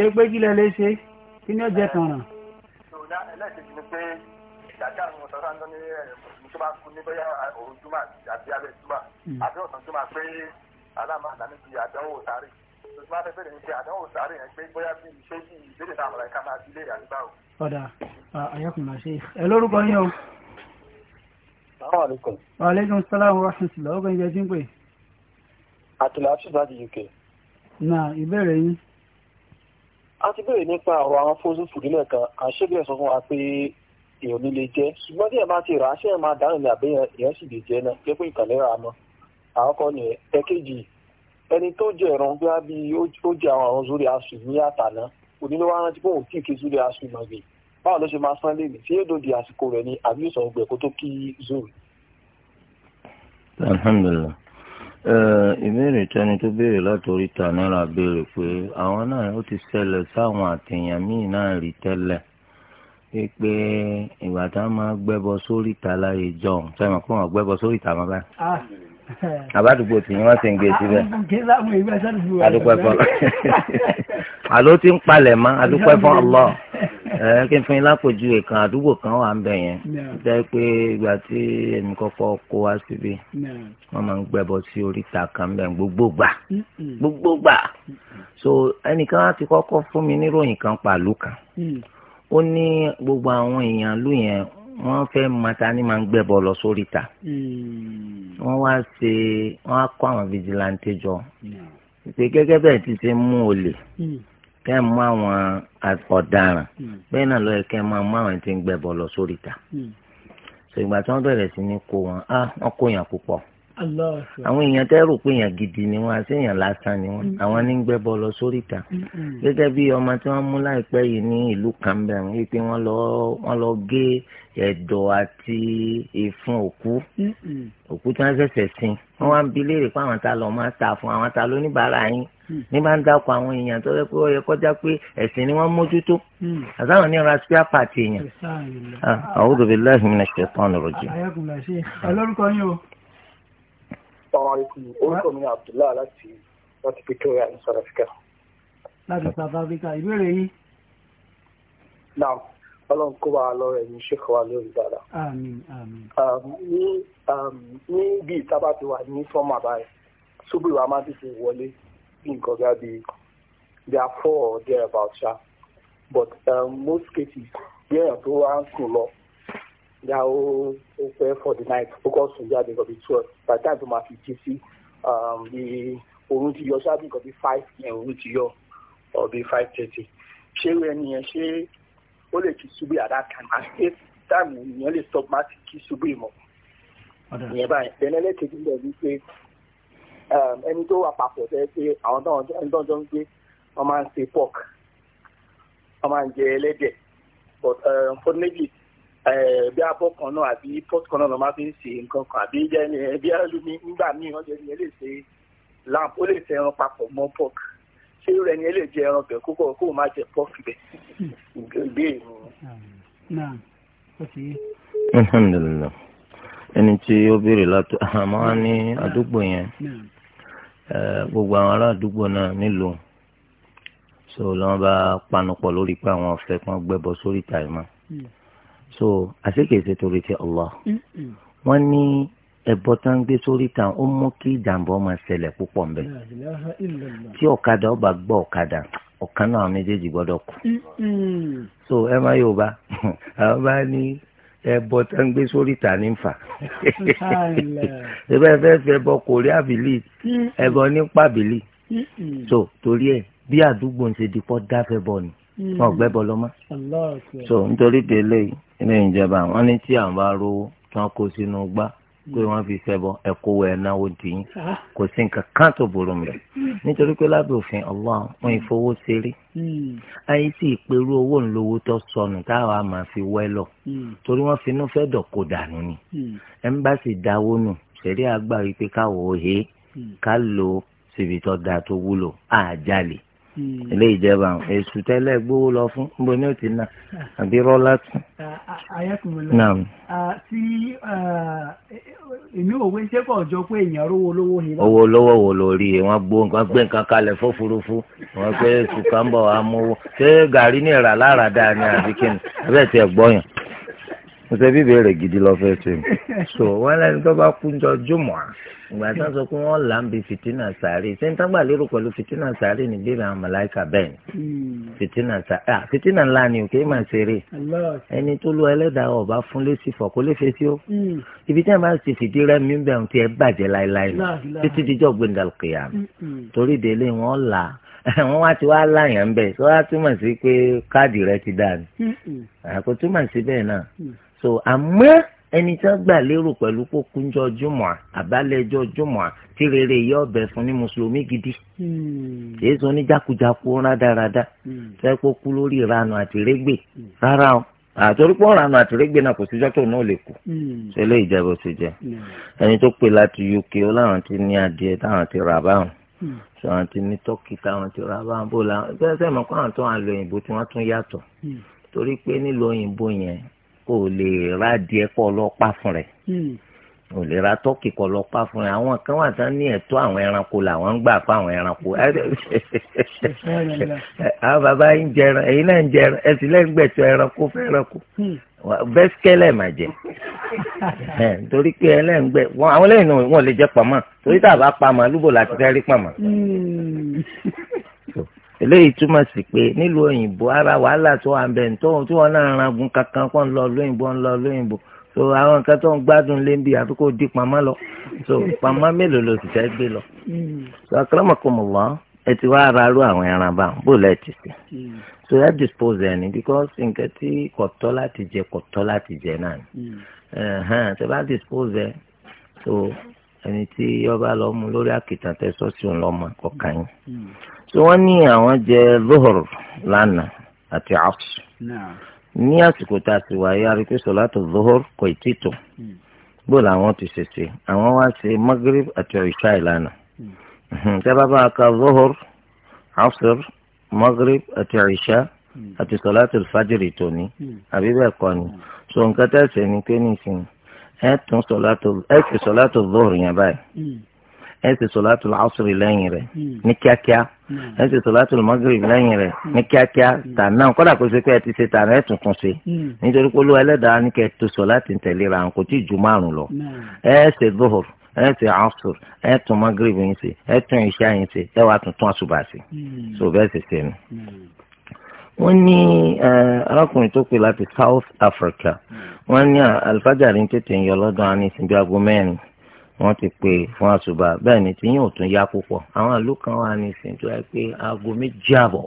yé pé kí lè ṣe kí ni ó jẹ tọ̀ràn. ṣòwòdà ẹlẹ́ẹ̀kejì ni pé ìdájọ́ àwọn ọ̀sán sáà ní ẹ̀rọ tó bá kú ní bóyá òru júmọ̀ àti abẹ́ júmọ̀ àti ọ̀sán júmọ̀ pé aláàmọ̀ àdáni ṣùgbọ́n afẹ́fẹ́ rẹ̀ ń ṣe àdánwò sáré yẹn pé bóyá bí iṣẹ́ bí ìbéèrè náà àmàlà ìkàmà àti ilé rẹ̀ àdúgbà o. ọ̀dà ayọ́kùnrin àṣẹ ẹ lórúkọ yín o. salaamaleykum. waaleykum salaam wa rahmatulah ọgbẹ́ ìjẹ́ tí ń pè. àtìlá àtúntò láti UK. na ìbéèrè yín. a ti béèrè nípa ọ̀rọ̀ àwọn fóṣù fùdílẹ̀ kan àṣẹ́bíyẹ̀ sọ fún wa pé èèyàn ní lè jẹ́ ṣùgbọ́n tí ẹ̀ máa ti rà á ṣe é máa dáhùn ní àbẹ́yẹn èèyàn sì lè jẹ́ náà jẹ́ ìkànnì rà á àwọn kan nìyẹn ẹ̀kejì ẹni tó jẹ ẹran bí a bí ó jẹ àwọn àrùn sórí asùn ní àtàná onílé wa rántí pé òun kì í kí sórí asùn màgbé báwo ló ṣe máa san lè ní tí yóò dòdì àsìkò rẹ ni àbí yóò sọ ọgbẹ kó tó kí zoro. alhamdulilah ìbéèrè tẹni tó béèrè látòrí ta náírà béèrè pé àwọn náà ó ti ṣẹlẹ̀ sáwọn àtẹ̀yàn míì náà rí tẹ́lẹ̀ pé ìgbà tá a máa gbẹ́bọ sórí ìta láyé jọ̀hún sẹ́wọ̀n kó wọn gbẹ́bọ sórí ìta máa báyìí ah. àbádùgbò tí wọ́n ti ń gbé síbẹ̀. adúpẹ́ fún àló tí ń palẹ̀ mọ́ adúpẹ́ fún ọlọ́ ẹ kí n fún yín lápòjú ìkan àdúgbò kan wà ń bẹ̀ yẹn jẹ́ pé ìgbà tí èmi kọ́kọ́ kó wá síbi wọ́n máa ń gbẹ̀bọ sí oríta kan bẹ̀ gbogbo gbà so ẹnìkan á ti kọ́kọ́ fún mi níròyìn kan pàlú kan mm. ó ní gbogbo àwọn èèyàn lù yẹn wọ́n fẹ́ mata ni máa ń gbẹ́bọ lọ sórí ta hmm. wọ́n wá ṣe wọ́n á kó àwọn vigilante jọ pé gẹ́gẹ́ bẹ́ẹ̀ ti ṣe mú olè hmm. kẹ́ ẹ̀ mú àwọn ọ̀daràn hmm. bẹ́ẹ̀ náà lọ́yẹ̀ kẹ́ ẹ̀ máa mú àwọn tí ń gbẹ́bọ lọ sórí ta ṣùgbọ́n tí wọ́n bẹ̀rẹ̀ sí ní kó wọn á ah, wọ́n kó yàn púpọ̀ àwọn èèyàn tẹ́ rò pé èèyàn gidi ni wọ́n àti èèyàn lásán ni wọ́n àwọn ní ń gbẹ́ bọ́ lọ sórí ìta gẹ́gẹ́ bí ọmọ tí wọ́n mú láìpẹ́ yìí ní ìlú kan bẹ̀rù wípé wọ́n lọ wọ́n lọ gé ẹ̀dọ̀ àti ìfun òkú òkú tí wọ́n ṣẹ̀ṣẹ̀ sin wọ́n wá ń bi léèrè pé àwọn ta lọ máa ta fún àwọn ta lóníbàárà yín mm. ní bá ń dákọ àwọn èèyàn tó yẹ pé ó yẹ kọjá pé ẹ̀sìn ni wọ́n mójútó mm. àtàwọn ní ra spare part sàmàlìkùn orúkọ mi Abdullahi láti láti Pretoria ní South Africa. láti South Africa ìbéèrè yín. náà Ọlọ́run kó wa lọ ẹ̀yìn ṣèkọ wa lórí dáadáa. àmín àmín. ní ní bí ìtaba ti wà ní sọ́mà báyìí ṣubú ìwà máa tètè wọlé bí nǹkan gá bí they are four or there about ṣá but um, most cases bí èèyàn tó wá ń sùn lọ ìyá ó open for the night because we are going to be twelve by the time tó máa fi jí sí um, bí oorun ti yọ ṣáà bí nǹkan bíi five yẹn oorun ti yọ or bíi five thirty will be ẹni yẹn ṣé ó lè kí ṣubú at that time at eight time yẹn lè stop má ti kí ṣubú ìmọ̀ ìyẹn báyìí then ẹlẹ́kejì lẹ̀ ní pé um, ẹni tó wà papọ̀ tẹ́ pé àwọn táwọn jọ ń gbé wọ́n máa ń ṣe pork wọ́n máa ń jẹ ẹlẹ́dẹ̀ but unfortunately. Um, uh, Eh, bí abọ́ kan náà àbí pot kan náà lọ́ máa fi ń ṣe nǹkan kan àbí eh, bí ẹlòmí nígbà míì wọ́n jẹ́ ní ẹ lè ṣe lamb ó lè ṣe ẹran papọ̀ mọ́ pork ṣé irú ẹni ẹ lè jẹ ẹran bẹ̀ kókò kó o má jẹ pork bẹ̀ ìbéèrè wọn. alhamdulillah ẹni tí ó béèrè látọ àmọ́ á ní àdúgbò yẹn eh, gbogbo àwọn ará àdúgbò náà nílùú so lọ́wọ́n bá panupọ̀ lórí pé àwọn ọ̀fẹ́ kan gbẹ́bọ sórí tàìmọ́ so àṣekèsè torí ti Allah wọ́n ní ẹ̀bọ tó ń gbé sórí tan ó mú kí ìjàmbá ọmọ ṣẹlẹ̀ púpọ̀ ńbẹ tí ọ̀kadà ọba gbọ́ ọ̀kadà ọ̀kan náà méjèèjì gbọ́dọ̀ kù so ẹ má yóò bá àwọn bá ní ẹbọ tó ń gbé sórí ta ní nfa ẹbẹ fẹẹ fẹ bọ kò àbílí ẹbọ ní pàbílí so torí ẹ bí àdúgbò ń ṣe dipọ dáfẹ bọ ni. Hmm. wọn ò gbẹ́bọ lọ mọ́. so nítorí délé ilé ìjọba wọn ní tí àwọn bá rówó tí wọn kó sínú gbá pé hmm. wọn fi ṣẹbọ ẹkọwọ ẹnáwó dìín ah. kò sí nǹkan kan tó burú mi hmm. nítorí pé lábẹ́ òfin Allah wọn ìfowó ṣeré ayé tí ìpẹrú owó ńlówó tó sọnù táwa máa fi wẹlọ torí wọn finú fẹ́ dọkọ dànù ni ẹ dáwó nù ṣẹlẹ àgbà wípé káwọ òhe ká lò síbi tó dáa tó wúlò àjálè. Hmm. ilé ìjẹba àwọn èṣù tẹ́lẹ̀ gbówó lọ fún níbo ni ó ti nà àbí rọ́lá tún. ayẹ́kùnrin tí èmi ò wé ṣé kò jọ pé èèyàn rówó lówó ni. owó lówó wo lórí ẹ wọn gbó nǹkan gbé nǹkan wọn ni àbí kíni abẹ́ ti ẹ̀ mo ṣe gidi lọ fẹ́ ṣe mi wọn lẹni tó bá kú ìgbà tí wọ́n sọ pé wọ́n là ń bi fìtínà sáré ṣé ń tágbà lérò pẹ̀lú fìtínà sáré ní bíbélì àwọn màláìka bẹ́ẹ̀ ni hmm. fìtínà sáré à fìtínà ńlá ni òkè mà ṣeré ẹni tó lu ẹlẹ́dàá ọba fún lẹ́sì fọ̀ kó lè fèsì ó hmm. ibi tí wọ́n bá ti fìdí rẹ mí bẹ̀rù tí ẹ bàjẹ́ láéláé lọ títí díjọ́ gbẹ̀ndàlùkìyà hmm, torí délé wọ́n là wọ́n wá ti wá láyàn bẹ́ẹ̀ sọ wá túmọ̀ sí pé káàdì rẹ ti dà ní àkótúmọ̀ sí bẹ́ẹ̀ náà so àmọ́ ẹni tí wọ́n gbà lérò pẹ̀lú kókúnjọ́ jùmọ̀ àbálẹ́jọ́ jùmọ̀ tí rere yọ ọbẹ̀ fún ní mùsùlùmí gidi èyí hmm. sọ ní jákujàku rádaràda fẹ́ hmm. kó kú lórí ìranù àtìrẹ́gbè rárá o àtòrí pé ọ̀ràn àtìrẹ́gbẹ́ náà kò síjọ́ tó náà lè kú ṣẹlẹ̀ ìjẹ́bù ti jẹ́ hmm. ẹni tó pè láti UK ó láwọn ti ní adìẹ táwọn ti rà báwọn sọ àwọn ti ní tọ́kì táwọn ti rà báwọn bó la bẹ́ẹ̀ sẹ́mi kọ́ àwọn tó wà lóyìnbó tí wọ́n tún yàtọ̀ torí pé nílò òyìnbó yẹn kò lè ra díẹ̀ kọ́ lọ pa fún rẹ̀ ò hmm. lè ra tọ́kì kọ́ lọ pa fún rẹ̀ àwọn kan wà tán ní ẹ̀tọ́ àwọn ẹranko làwọn ń gbà fún àwọn ẹranko hmm. àwọn bàbá yín jẹran ẹ̀yin náà ń jẹran ẹ sì lẹ́yìn gbẹ̀tọ́ ẹranko fún ẹranko hmm. bẹ́sikẹ́lẹ̀ mà jẹ torí pé ẹlẹ́ǹgbẹ́ àwọn lẹ́yìn náà wọ́n lè jẹ́ pamọ́ torí tá pamọ́ lúbọ̀ láti fẹ́ rí pamọ́. eléyìí túmọ̀ sí pé nílùú òyìnbó ara wàhálà tó wà ń bẹ̀ ń tóun tí wọ́n náà ran kankan kó ń lọ lóyìnbó ń lọ lóyìnbó so àwọn nǹkan tó ń gbádùn lé ń bí àfi kó di pamọ́ lọ so pamọ́ mélòó ló ti fẹ́ gbé lọ. Mm. so akramakumullah ẹ ti wá ara rú àwọn ẹran bá bó lẹ́ẹ̀ ti sè mm. so ẹ dispose ẹni because nǹkan tí kò tọ́ láti jẹ kò tọ́ láti jẹ náà ni ṣe mm. bá dispose ẹ so ẹni tí ọba lọ mú lórí àkìtàn tẹ sọ́ọ̀sì òun lọ́mọ tí wọ́n ní àwọn jẹ zuhur lánàá àti asr ní àsìkò tá a ti wáyé arikú sọ̀látù zuhur kò tí tó hmm. bó làwọn ti ṣèṣe àwọn wá ṣe magrib àti ìṣá ìlànà tẹ́lá bá ka zuhur asr magrib àti ìṣá hmm. àti sọ̀látù fàjìrì tòní hmm. àbí bẹ́ẹ̀ kọ́ ni so nǹkan tẹ̀sẹ̀ ni pé nìsín ẹ̀ tún sọ̀látù ẹ̀ fi sọ̀látù zuhur yẹn báyìí ẹ ṣe sọ̀látù lásìrì lẹ́yìn rẹ̀ hmm. ní kíákíá hmm. ẹ ṣe sọ̀látù mọ́gìrì lẹ́yìn rẹ̀ hmm. ní kíákíá tànà kọ́dà kó ṣe pé ẹ ti ṣe tànà ẹ tuntun ṣe nítorí pé olúwa ẹlẹ́dàá ní kẹ́ ẹ tó sọ̀látù tẹ̀léra kò tí ì ju márùn lọ ẹ ṣe dóhùr ẹ ṣe asùr ẹ tún mọ́gìrì yín ṣe ẹ tún ìṣá yín ṣe ẹ wàá tuntun àṣùbà ṣe so bẹ́ẹ̀ ṣe ṣe nu. wọ́n ní arákùnrin tó pè láti South Africa wọ́n ní alifájà ní tètè ń yọ lọ́dún àníṣe wọ́n ti pè fún àṣùbà bẹ́ẹ̀ ni tí yóò tún yá púpọ̀ àwọn àlù kan wà ní ìsìn tó yẹ pé aago méjì àbọ̀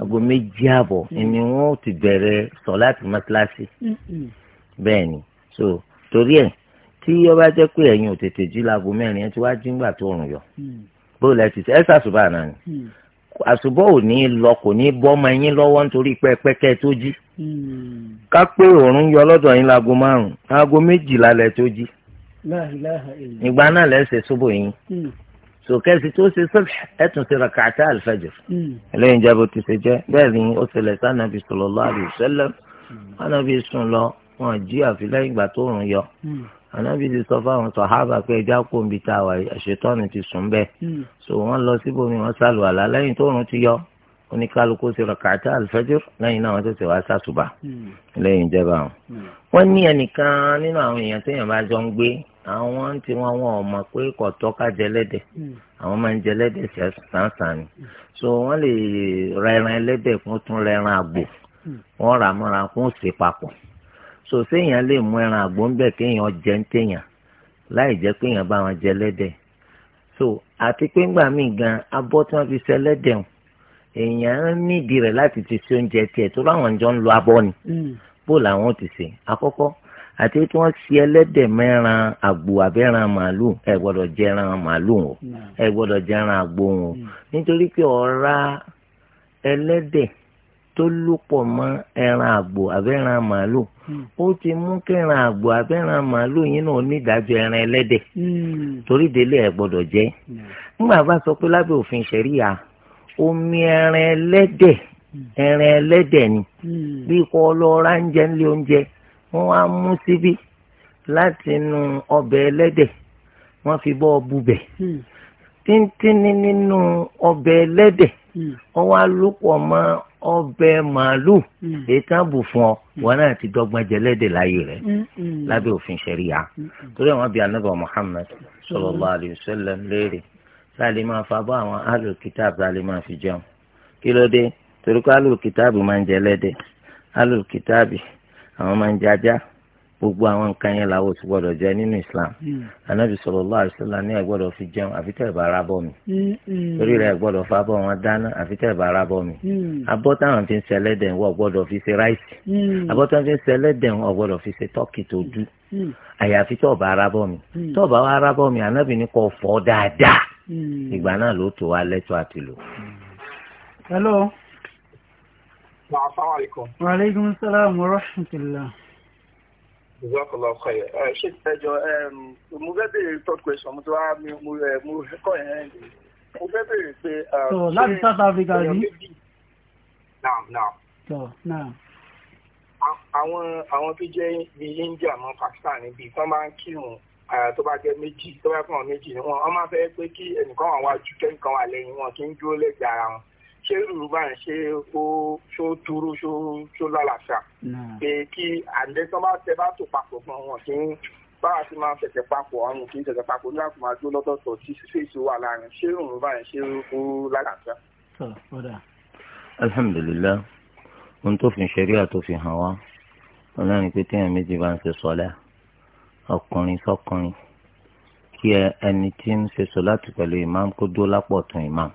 aago méjì àbọ̀ ni wọ́n ti bẹ̀rẹ̀ sọ láti mọ́tíláṣí bẹ́ẹ̀ ni so torí ẹ̀ tí ó bá jẹ́ pé ẹ̀yin ò tètè jí láago mẹ́rin ẹ ti wá jí ńgbà tó rùn yọ bó lẹ ti ẹ ṣàṣùbà náà ni àṣùbọ̀ ò ní lọ kò ní bọ́ ọmọ yín lọ́wọ́ nítorí pẹ́ẹ́pẹ́kẹ́ tó jí ká pé òórùn yọ lọ́dọ̀ yín láago márùn-ún aago méjìlá lẹ tó jí ìgbà náà lẹ́sẹ̀ ṣubú yín hmm. sòkẹ́sì tó ṣe sọ́bì ẹ̀tún ṣe ra kàtà àlùfẹ́jọ. ẹlẹ́yin jẹ́ bó ti ṣe jẹ́ bẹ́ẹ̀ ni ó ṣẹlẹ̀ sànàbì sallallahu alaihi wasallam sànàbì hmm. sùn lọ wọn jí àfi lẹ́yìn ìgbà tó rùn yọ. Hmm. ànábì ti sọ fáwọn sọ̀hábà pé ẹja kó omi ta wà àṣetọ́ni ti sùn bẹ́ẹ̀. sò wọ́n lọ síbòmí wọ́n sálùwàlá lẹ́yìn tó rùn ti yọ oníkálukú sí rakata alfajr lẹ́yìn náà wọ́n tó ti wá sàṣùbà hmm. lẹ́yìn ìjẹba wọn. Hmm. wọ́n ní ẹnìkan nínú àwọn èèyàn téèyàn bá jọ ń gbé àwọn tí wọn wọn ò mọ̀ pé kò tọ́ka jẹlẹ́dẹ̀ hmm. àwọn máa ń jẹlẹ́dẹ̀ sàǹsàn ni so wọ́n lè ra ẹran ẹlẹ́dẹ̀ kó tún ra ẹran àgbò wọ́n rà mọ́ra kó sè papọ̀ so séèyàn lè mú ẹran àgbò ń bẹ̀ kéèyàn jẹ ń téèyàn láì jẹ́ kéèyàn bá wọn jẹlẹ́dẹ̀ so àti pé ńgbà míì gan abọ́ tí wọ́n fi ṣẹlẹ́dẹ̀ hàn èèyàn nídìí rẹ̀ láti ti ṣe oúnjẹ tiẹ̀ tó láwọn jọ ń lo abọ́ ni hmm. bó làwọn ti ṣe àkọ́kọ́ àti tí wọ́n ṣe ẹlẹ́dẹ̀ mẹ́ran àgbò abẹ́ran màálù ẹ gbọ́dọ̀ jẹran màálù o hmm. ẹ gbọ́dọ̀ jẹran àgbò o hmm. nítorí pé ọ̀ra ẹlẹ́dẹ̀ tó lúpọ̀ mọ́ ẹran àgbò abẹ́ran màálù ó ti mú kẹran àgbò abẹ́ran màálù yín náà onídàájọ́ ẹran ẹlẹ́dẹ̀ torí délé ẹ gbọ́dọ̀ jẹ nígbà bá sọ pé lábẹ́ òfin ṣẹ̀ríyà omi ẹran ẹlẹ́dẹ̀ hmm. ẹran ni hmm. bí kò lọ ra oúnjẹ ńlẹ̀ oúnjẹ wọn á mú síbí láti inú ọbẹ̀ ẹlẹ́dẹ̀ wọ́n fi bọ́ bubẹ̀ hmm. tíntínní nínú ọbẹ̀ ẹlẹ́dẹ̀ wọ́n wá lópọ̀ mọ́ màálù ètò ààbò fún ọ wọn náà ti dọ́gbọ́n jẹlẹ́dẹ̀ láyé rẹ̀ lábẹ́ òfin ṣẹ̀ríya torí àwọn bíi anábọ̀ Muhammad sallallahu tá a lè máa fa bọ́ àwọn alò kìtàbù tá a lè máa fi jẹun kí ló dé torí pé alò kìtàbù máa ń jẹ lẹ́dẹ̀ alò kìtàbù àwọn máa ń jẹ gbogbo àwọn nǹkan yẹn làwọn ò sì gbọdọ̀ jẹ nínú islam anabi hmm. sallallahu alaihi wasallam ní ẹ gbọdọ̀ fi jẹun àfi tẹ́ ẹ bá ara bọ̀ mi hmm, hmm. torí rẹ ẹ gbọdọ̀ fa bọ̀ wọn dáná àfi tẹ́ ẹ bá ara bọ̀ mi abọ́ táwọn fi ń ṣẹlẹ́dẹ̀ wọ́n gbọdọ̀ fi ṣe ráìsì abọ́ táwọn fi ń ṣẹlẹ́dẹ̀ wọ́n gbọdọ̀ fi ṣe tọ́kì tó dú àyàfi tọ́ ara bọ̀ mi tọ́ ara bọ̀ mi anabi ní kò fọ̀ dáadáa Hmm. ìgbà náà ló tó wa lẹ́tọ́ àti lò. Hmm. hello. Assalamu alaikum. Wa alaikum assalam wa rahmatullah. Jazakallah khair. Ṣé ìtẹ́jọ́ mo fẹ́ béèrè third question mo ti wá mo eh, kọ́ yẹn mo fẹ́ béèrè pé. Eh, Sọ láti South Africa rí. Naam naam. Àwọn àwọn tó jẹ́ bíi India mọ́ Pakistan níbi wọ́n máa ń kírun tó bá jẹ́ méjì tó bá fún ọ méjì ni wọn máa fẹ́ pé kí ẹnìkan wà wájú kẹ́nìkan wà lẹ́yìn wọn kí ń dúró lẹ́gbẹ̀ẹ́ ara wọn ṣé rúru báyìí ṣé ó ṣó dúró ṣó ṣó lálàáfíà pé kí àǹdẹ́sán bá tẹ bá tò papọ̀ gan wọn kí ń báwa ti máa fẹsẹ̀ papọ̀ ọrùn kì í fẹsẹ̀ papọ̀ ní àkùnmá dúró lọ́tọ̀ọ̀tọ̀ tí fèsì wà láàrin ṣé rúru báyìí ṣé ó lálàáfíà. alhamdulilayi ohun tó fi ṣẹ̀ríà tó fi hàn wá ọlọ́run pé téèyàn méjì bá ń ṣe sọ́lá ọkùnrin sọkùnrin kí ẹni tí ń ṣe sọ̀láàtì pẹ̀lú imam kó dúró lápọ̀ tún imam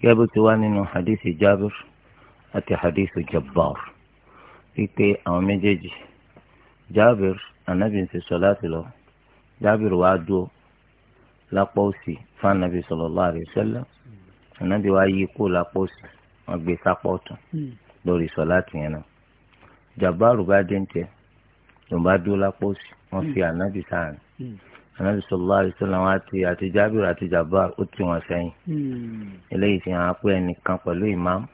gẹ́gẹ́ bó ti wá nínú hadithi jabir àti hadithi jabbar wípé àwọn méjèèjì jabir anabi ń ṣe sọ̀láàtì lọ jabir wàá dúró lápọ̀ òsì fún anabi sallallahu alaihi wasallam anabi wàá yí kó lápọ̀ òsì wọ́n gbé sápọ̀ tún lórí sọ̀láàtì yẹn náà jabbar bá dé ń tẹ lòun bá dúró lápọ̀ òsì. wọ́n fi ànábì sáàrin hmm. ànábì sallallahu alaihi àti àti jábìrì àti jàbáàrì ó tì wọ́n sẹ́yìn hmm. fi hàn pé ẹnìkan pẹ̀lú ìmáàmù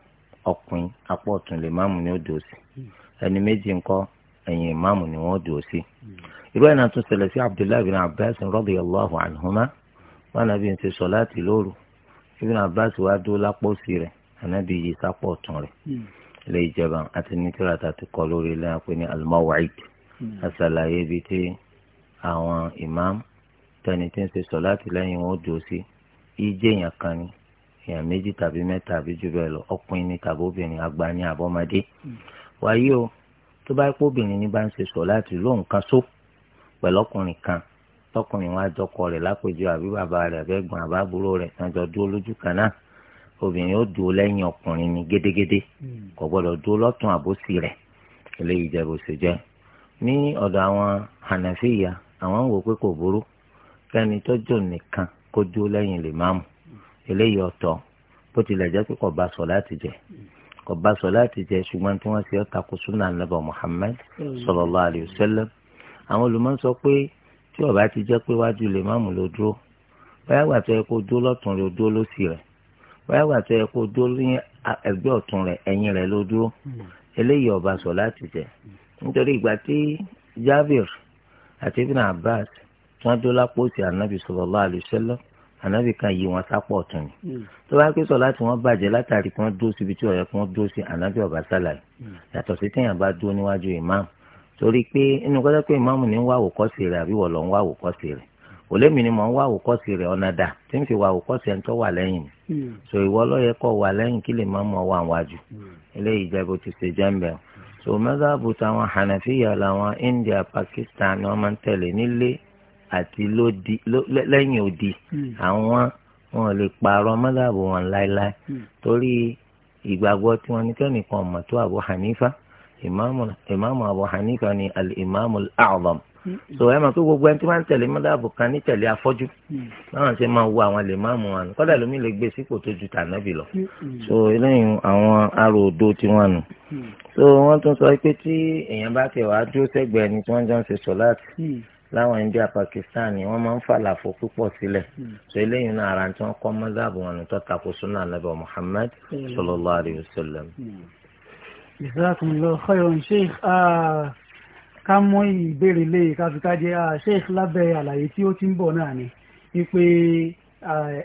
ọkùnrin apọ̀ ọ̀tún lè máàmù ní òdò sí hmm. ẹni méjì ńkọ́ ẹ̀yìn ìmáàmù ni wọ́n dò sí. ṣẹlẹ̀ sí abdullahi bin abbas wọn ń ṣe lóru ibn abbas wàá dúró lápò sí yìí sápọ̀ ọ̀tún ilé al àṣàlàyé ibi tí àwọn ìmáàmù tẹni tí ń ṣe sọ láti lẹ́yìn wọn ó dúró sí ìjẹ́ èèyàn kan ni èèyàn méjì tàbí mẹ́ta àbí jù bẹ́ẹ̀ lọ ọkùnrin ni tàbí obìnrin àgbà ni àbọ̀mọdé wáyé o tó bá pọ̀ obìnrin ní bá ń ṣe sọ láti lóun kan só pẹ̀lú ọkùnrin kan tọkùnrin wa jọkọ rẹ̀ lápèjọ àbí bàbá rẹ̀ àbẹ́gbọ̀n àbábúrò rẹ̀ sanjọ dúró lójú kan náà obìnrin ó dúró lẹ́yìn ọkùnrin ni gédégédé hmm. kò gbọ́dọ̀ dúró lọ́tún àbòsí rẹ̀ eléyìí jẹ́ bó ṣe jẹ́ ní ọ̀dọ̀ àwọn hànàfíyà àwọn ń wò pé kò burú kẹ́ni tọ́jú nìkan kó dúró lẹ́yìn lè máàmù eléyìí ọ̀tọ̀ bó tilẹ̀ jẹ́ pé kò bá sọ láti jẹ kò bá sọ láti jẹ ṣùgbọ́n tí wọ́n ti ọ̀ta kò súnà nàbà Muhammad sallallahu alayhi wa sallam àwọn olùmọ̀ sọ pé tí ó bá ti jẹ́ pé wájú lè máàmù ló dúró báyà wà tó yẹ kó dúró lọ́tún rẹ̀ dúró lósì rẹ̀ báyà wà tó yẹ kó dúró ní ẹgbẹ́ ọ̀tún rẹ̀ ẹ̀yìn rẹ̀ ló dúró eléyìí ó sọ láti jẹ nítorí ìgbà tí Jabir àti Ibn Abbas tí wọ́n dólá pòsì ànábì sallallahu alaihi wasallam ànábì kan yí wọn sápọ̀ ọ̀tún ni hmm. tó bá pé sọ láti wọn bàjẹ́ látàrí kí wọ́n dúró síbi tí ọ̀yọ́ kí wọ́n dúró sí ànábì ọ̀bá sálàyé hmm. yàtọ̀ sí téèyàn bá dúró níwájú ìmáàmù torí pé inú kọ́tà pé ìmáàmù ní ń wá àwòkọ́sì rẹ̀ àbí wọ̀ lọ ń wá àwòkọ́sì rẹ̀ òlémi ni mò ń wá àwòkọ́sì rẹ̀ ọ̀nà dà tí ń fi wá àwòkọ́sì ẹni tó wà lẹ́yìn mi hmm. so ìwọ ló yẹ kó wà lẹ́yìn kí lè má mọ̀ wà wájú eléyìí jẹ́ bó ti ṣe jẹ́ ń bẹ̀rù so mẹ́gàbù táwọn hànàfíyà làwọn India Pakistan ni wọ́n máa ń tẹ̀lé nílé àti lẹ́yìn odi hmm. àwọn wọn lè pààrọ̀ mẹ́gàbù wọn láéláé hmm. torí ìgbàgbọ́ tí wọ́n ní kẹ́nìkan mọ̀ tó Abu Hanifa ìmáàmù Abu Hanifa ni al-Imam so ẹ mọ̀ pé gbogbo ẹni tí wọ́n ń tẹ̀lé mọ́dàbù kan ní tẹ̀lé afọ́jú báwọn ṣe máa wo àwọn lè máa mú wọn kọ́dà lómi lè gbé sípò tó ju tànàbì lọ so eléyìí àwọn arò odo tí wọ́n nù so wọ́n tún sọ pé tí èèyàn bá tẹ̀ wá dúró sẹ́gbẹ̀ẹ́ ni tí wọ́n jọ ń ṣe sọ̀láàtì láwọn India Pakistan wọn máa ń falàfo púpọ̀ sílẹ̀ so eléyìí náà ara tí wọ́n kọ́ mọ́dàbù wọn tó tako sunna anabi Muhammad sallallahu alayhi wa sallam ká mú ìbéèrè lé káfíkájẹ Sheikh lábẹ́ àlàyé tí ó ti ń bọ̀ náà ni wípé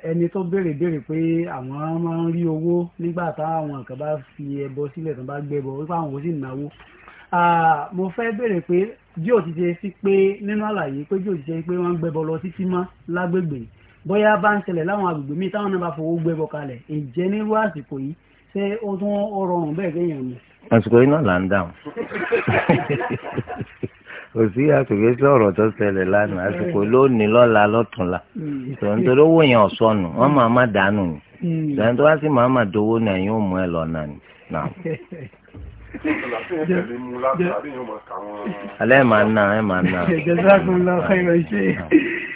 ẹni tó béèrè béèrè pé àwọn máa ń rí owó nígbà táwọn kan bá fi ẹbọ sílẹ̀ tó bá gbẹbọ wípé àwọn kò sì náwó mo fẹ́ béèrè pé bí ò ti ṣe sí pé nínú àlàyé pé bí ò ti ṣe pé wọ́n ń gbẹbọ lọ títí mọ́ lágbègbè bóyá bá ń ṣẹlẹ̀ láwọn agbègbè míì táwọn náà bá fowó gbẹbọ kalẹ̀ ǹjẹ́ nírú àsìkò yìí ṣé ó tún rọrùn bẹ́ẹ̀ kéèyàn mú àsìkò iná là ń dáhùn kò sí àtúnṣe sí ọ̀rọ̀ tó ṣẹlẹ̀ lánàá àsìkò lónìí lọ́la lọ́túnla tòǹtòrò owó yẹn ọ̀sọ́nù wọ́n máa má dànù ni tòǹtòrò wá sí máa má dowó ni ẹ̀yin lọ́nà alẹ́ máa ń na ẹ máa ń na. jazakumullahu khairan iṣẹ́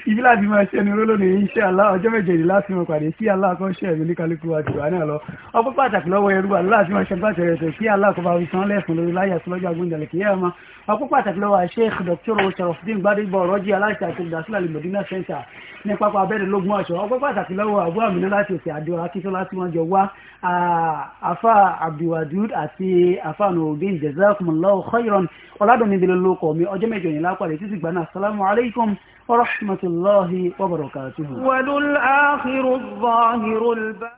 ibi láti máa ṣe ẹni olólùmí insha Allah ọjọ́ méje ni láti máa pàdé sí aláàkọ́ṣẹ́ ẹ̀mí ní kálukú àdùrà náà lọ ọpọ́ pàtàkì lọ́wọ́ ẹrú àlọ́ láti máa ṣe gbàṣẹ rẹ̀ sí aláàkọ́bá wíṣán lẹ́sùn lórí láyà sí lọ́jọ́ àgbóǹdàlẹ̀ kìí ẹ̀ máa ọpọ́ pàtàkì lọ́wọ́ sheikh dr sharafdin gbadebo ọ̀rọ́jì aláṣẹ àti olùdásílẹ̀ alimọ̀dínà center ní pápá abẹ́rẹ́ lógún ọ̀ṣọ́ ọpọ́ pàtàkì lọ́wọ́ àbú àmìnà láti òkè àdó akíntọ́lá tí wọ́n jọ wá afa abdulwadud àti afa nurudin jazakumullahu khairan ọ̀làdùnmí ìdílé lóko mi ọjọ́ mẹ́jọ yìí lápàdé títí gbaná assalamu alaikum wa rahmatullahi wa barakatuhu. wàlúù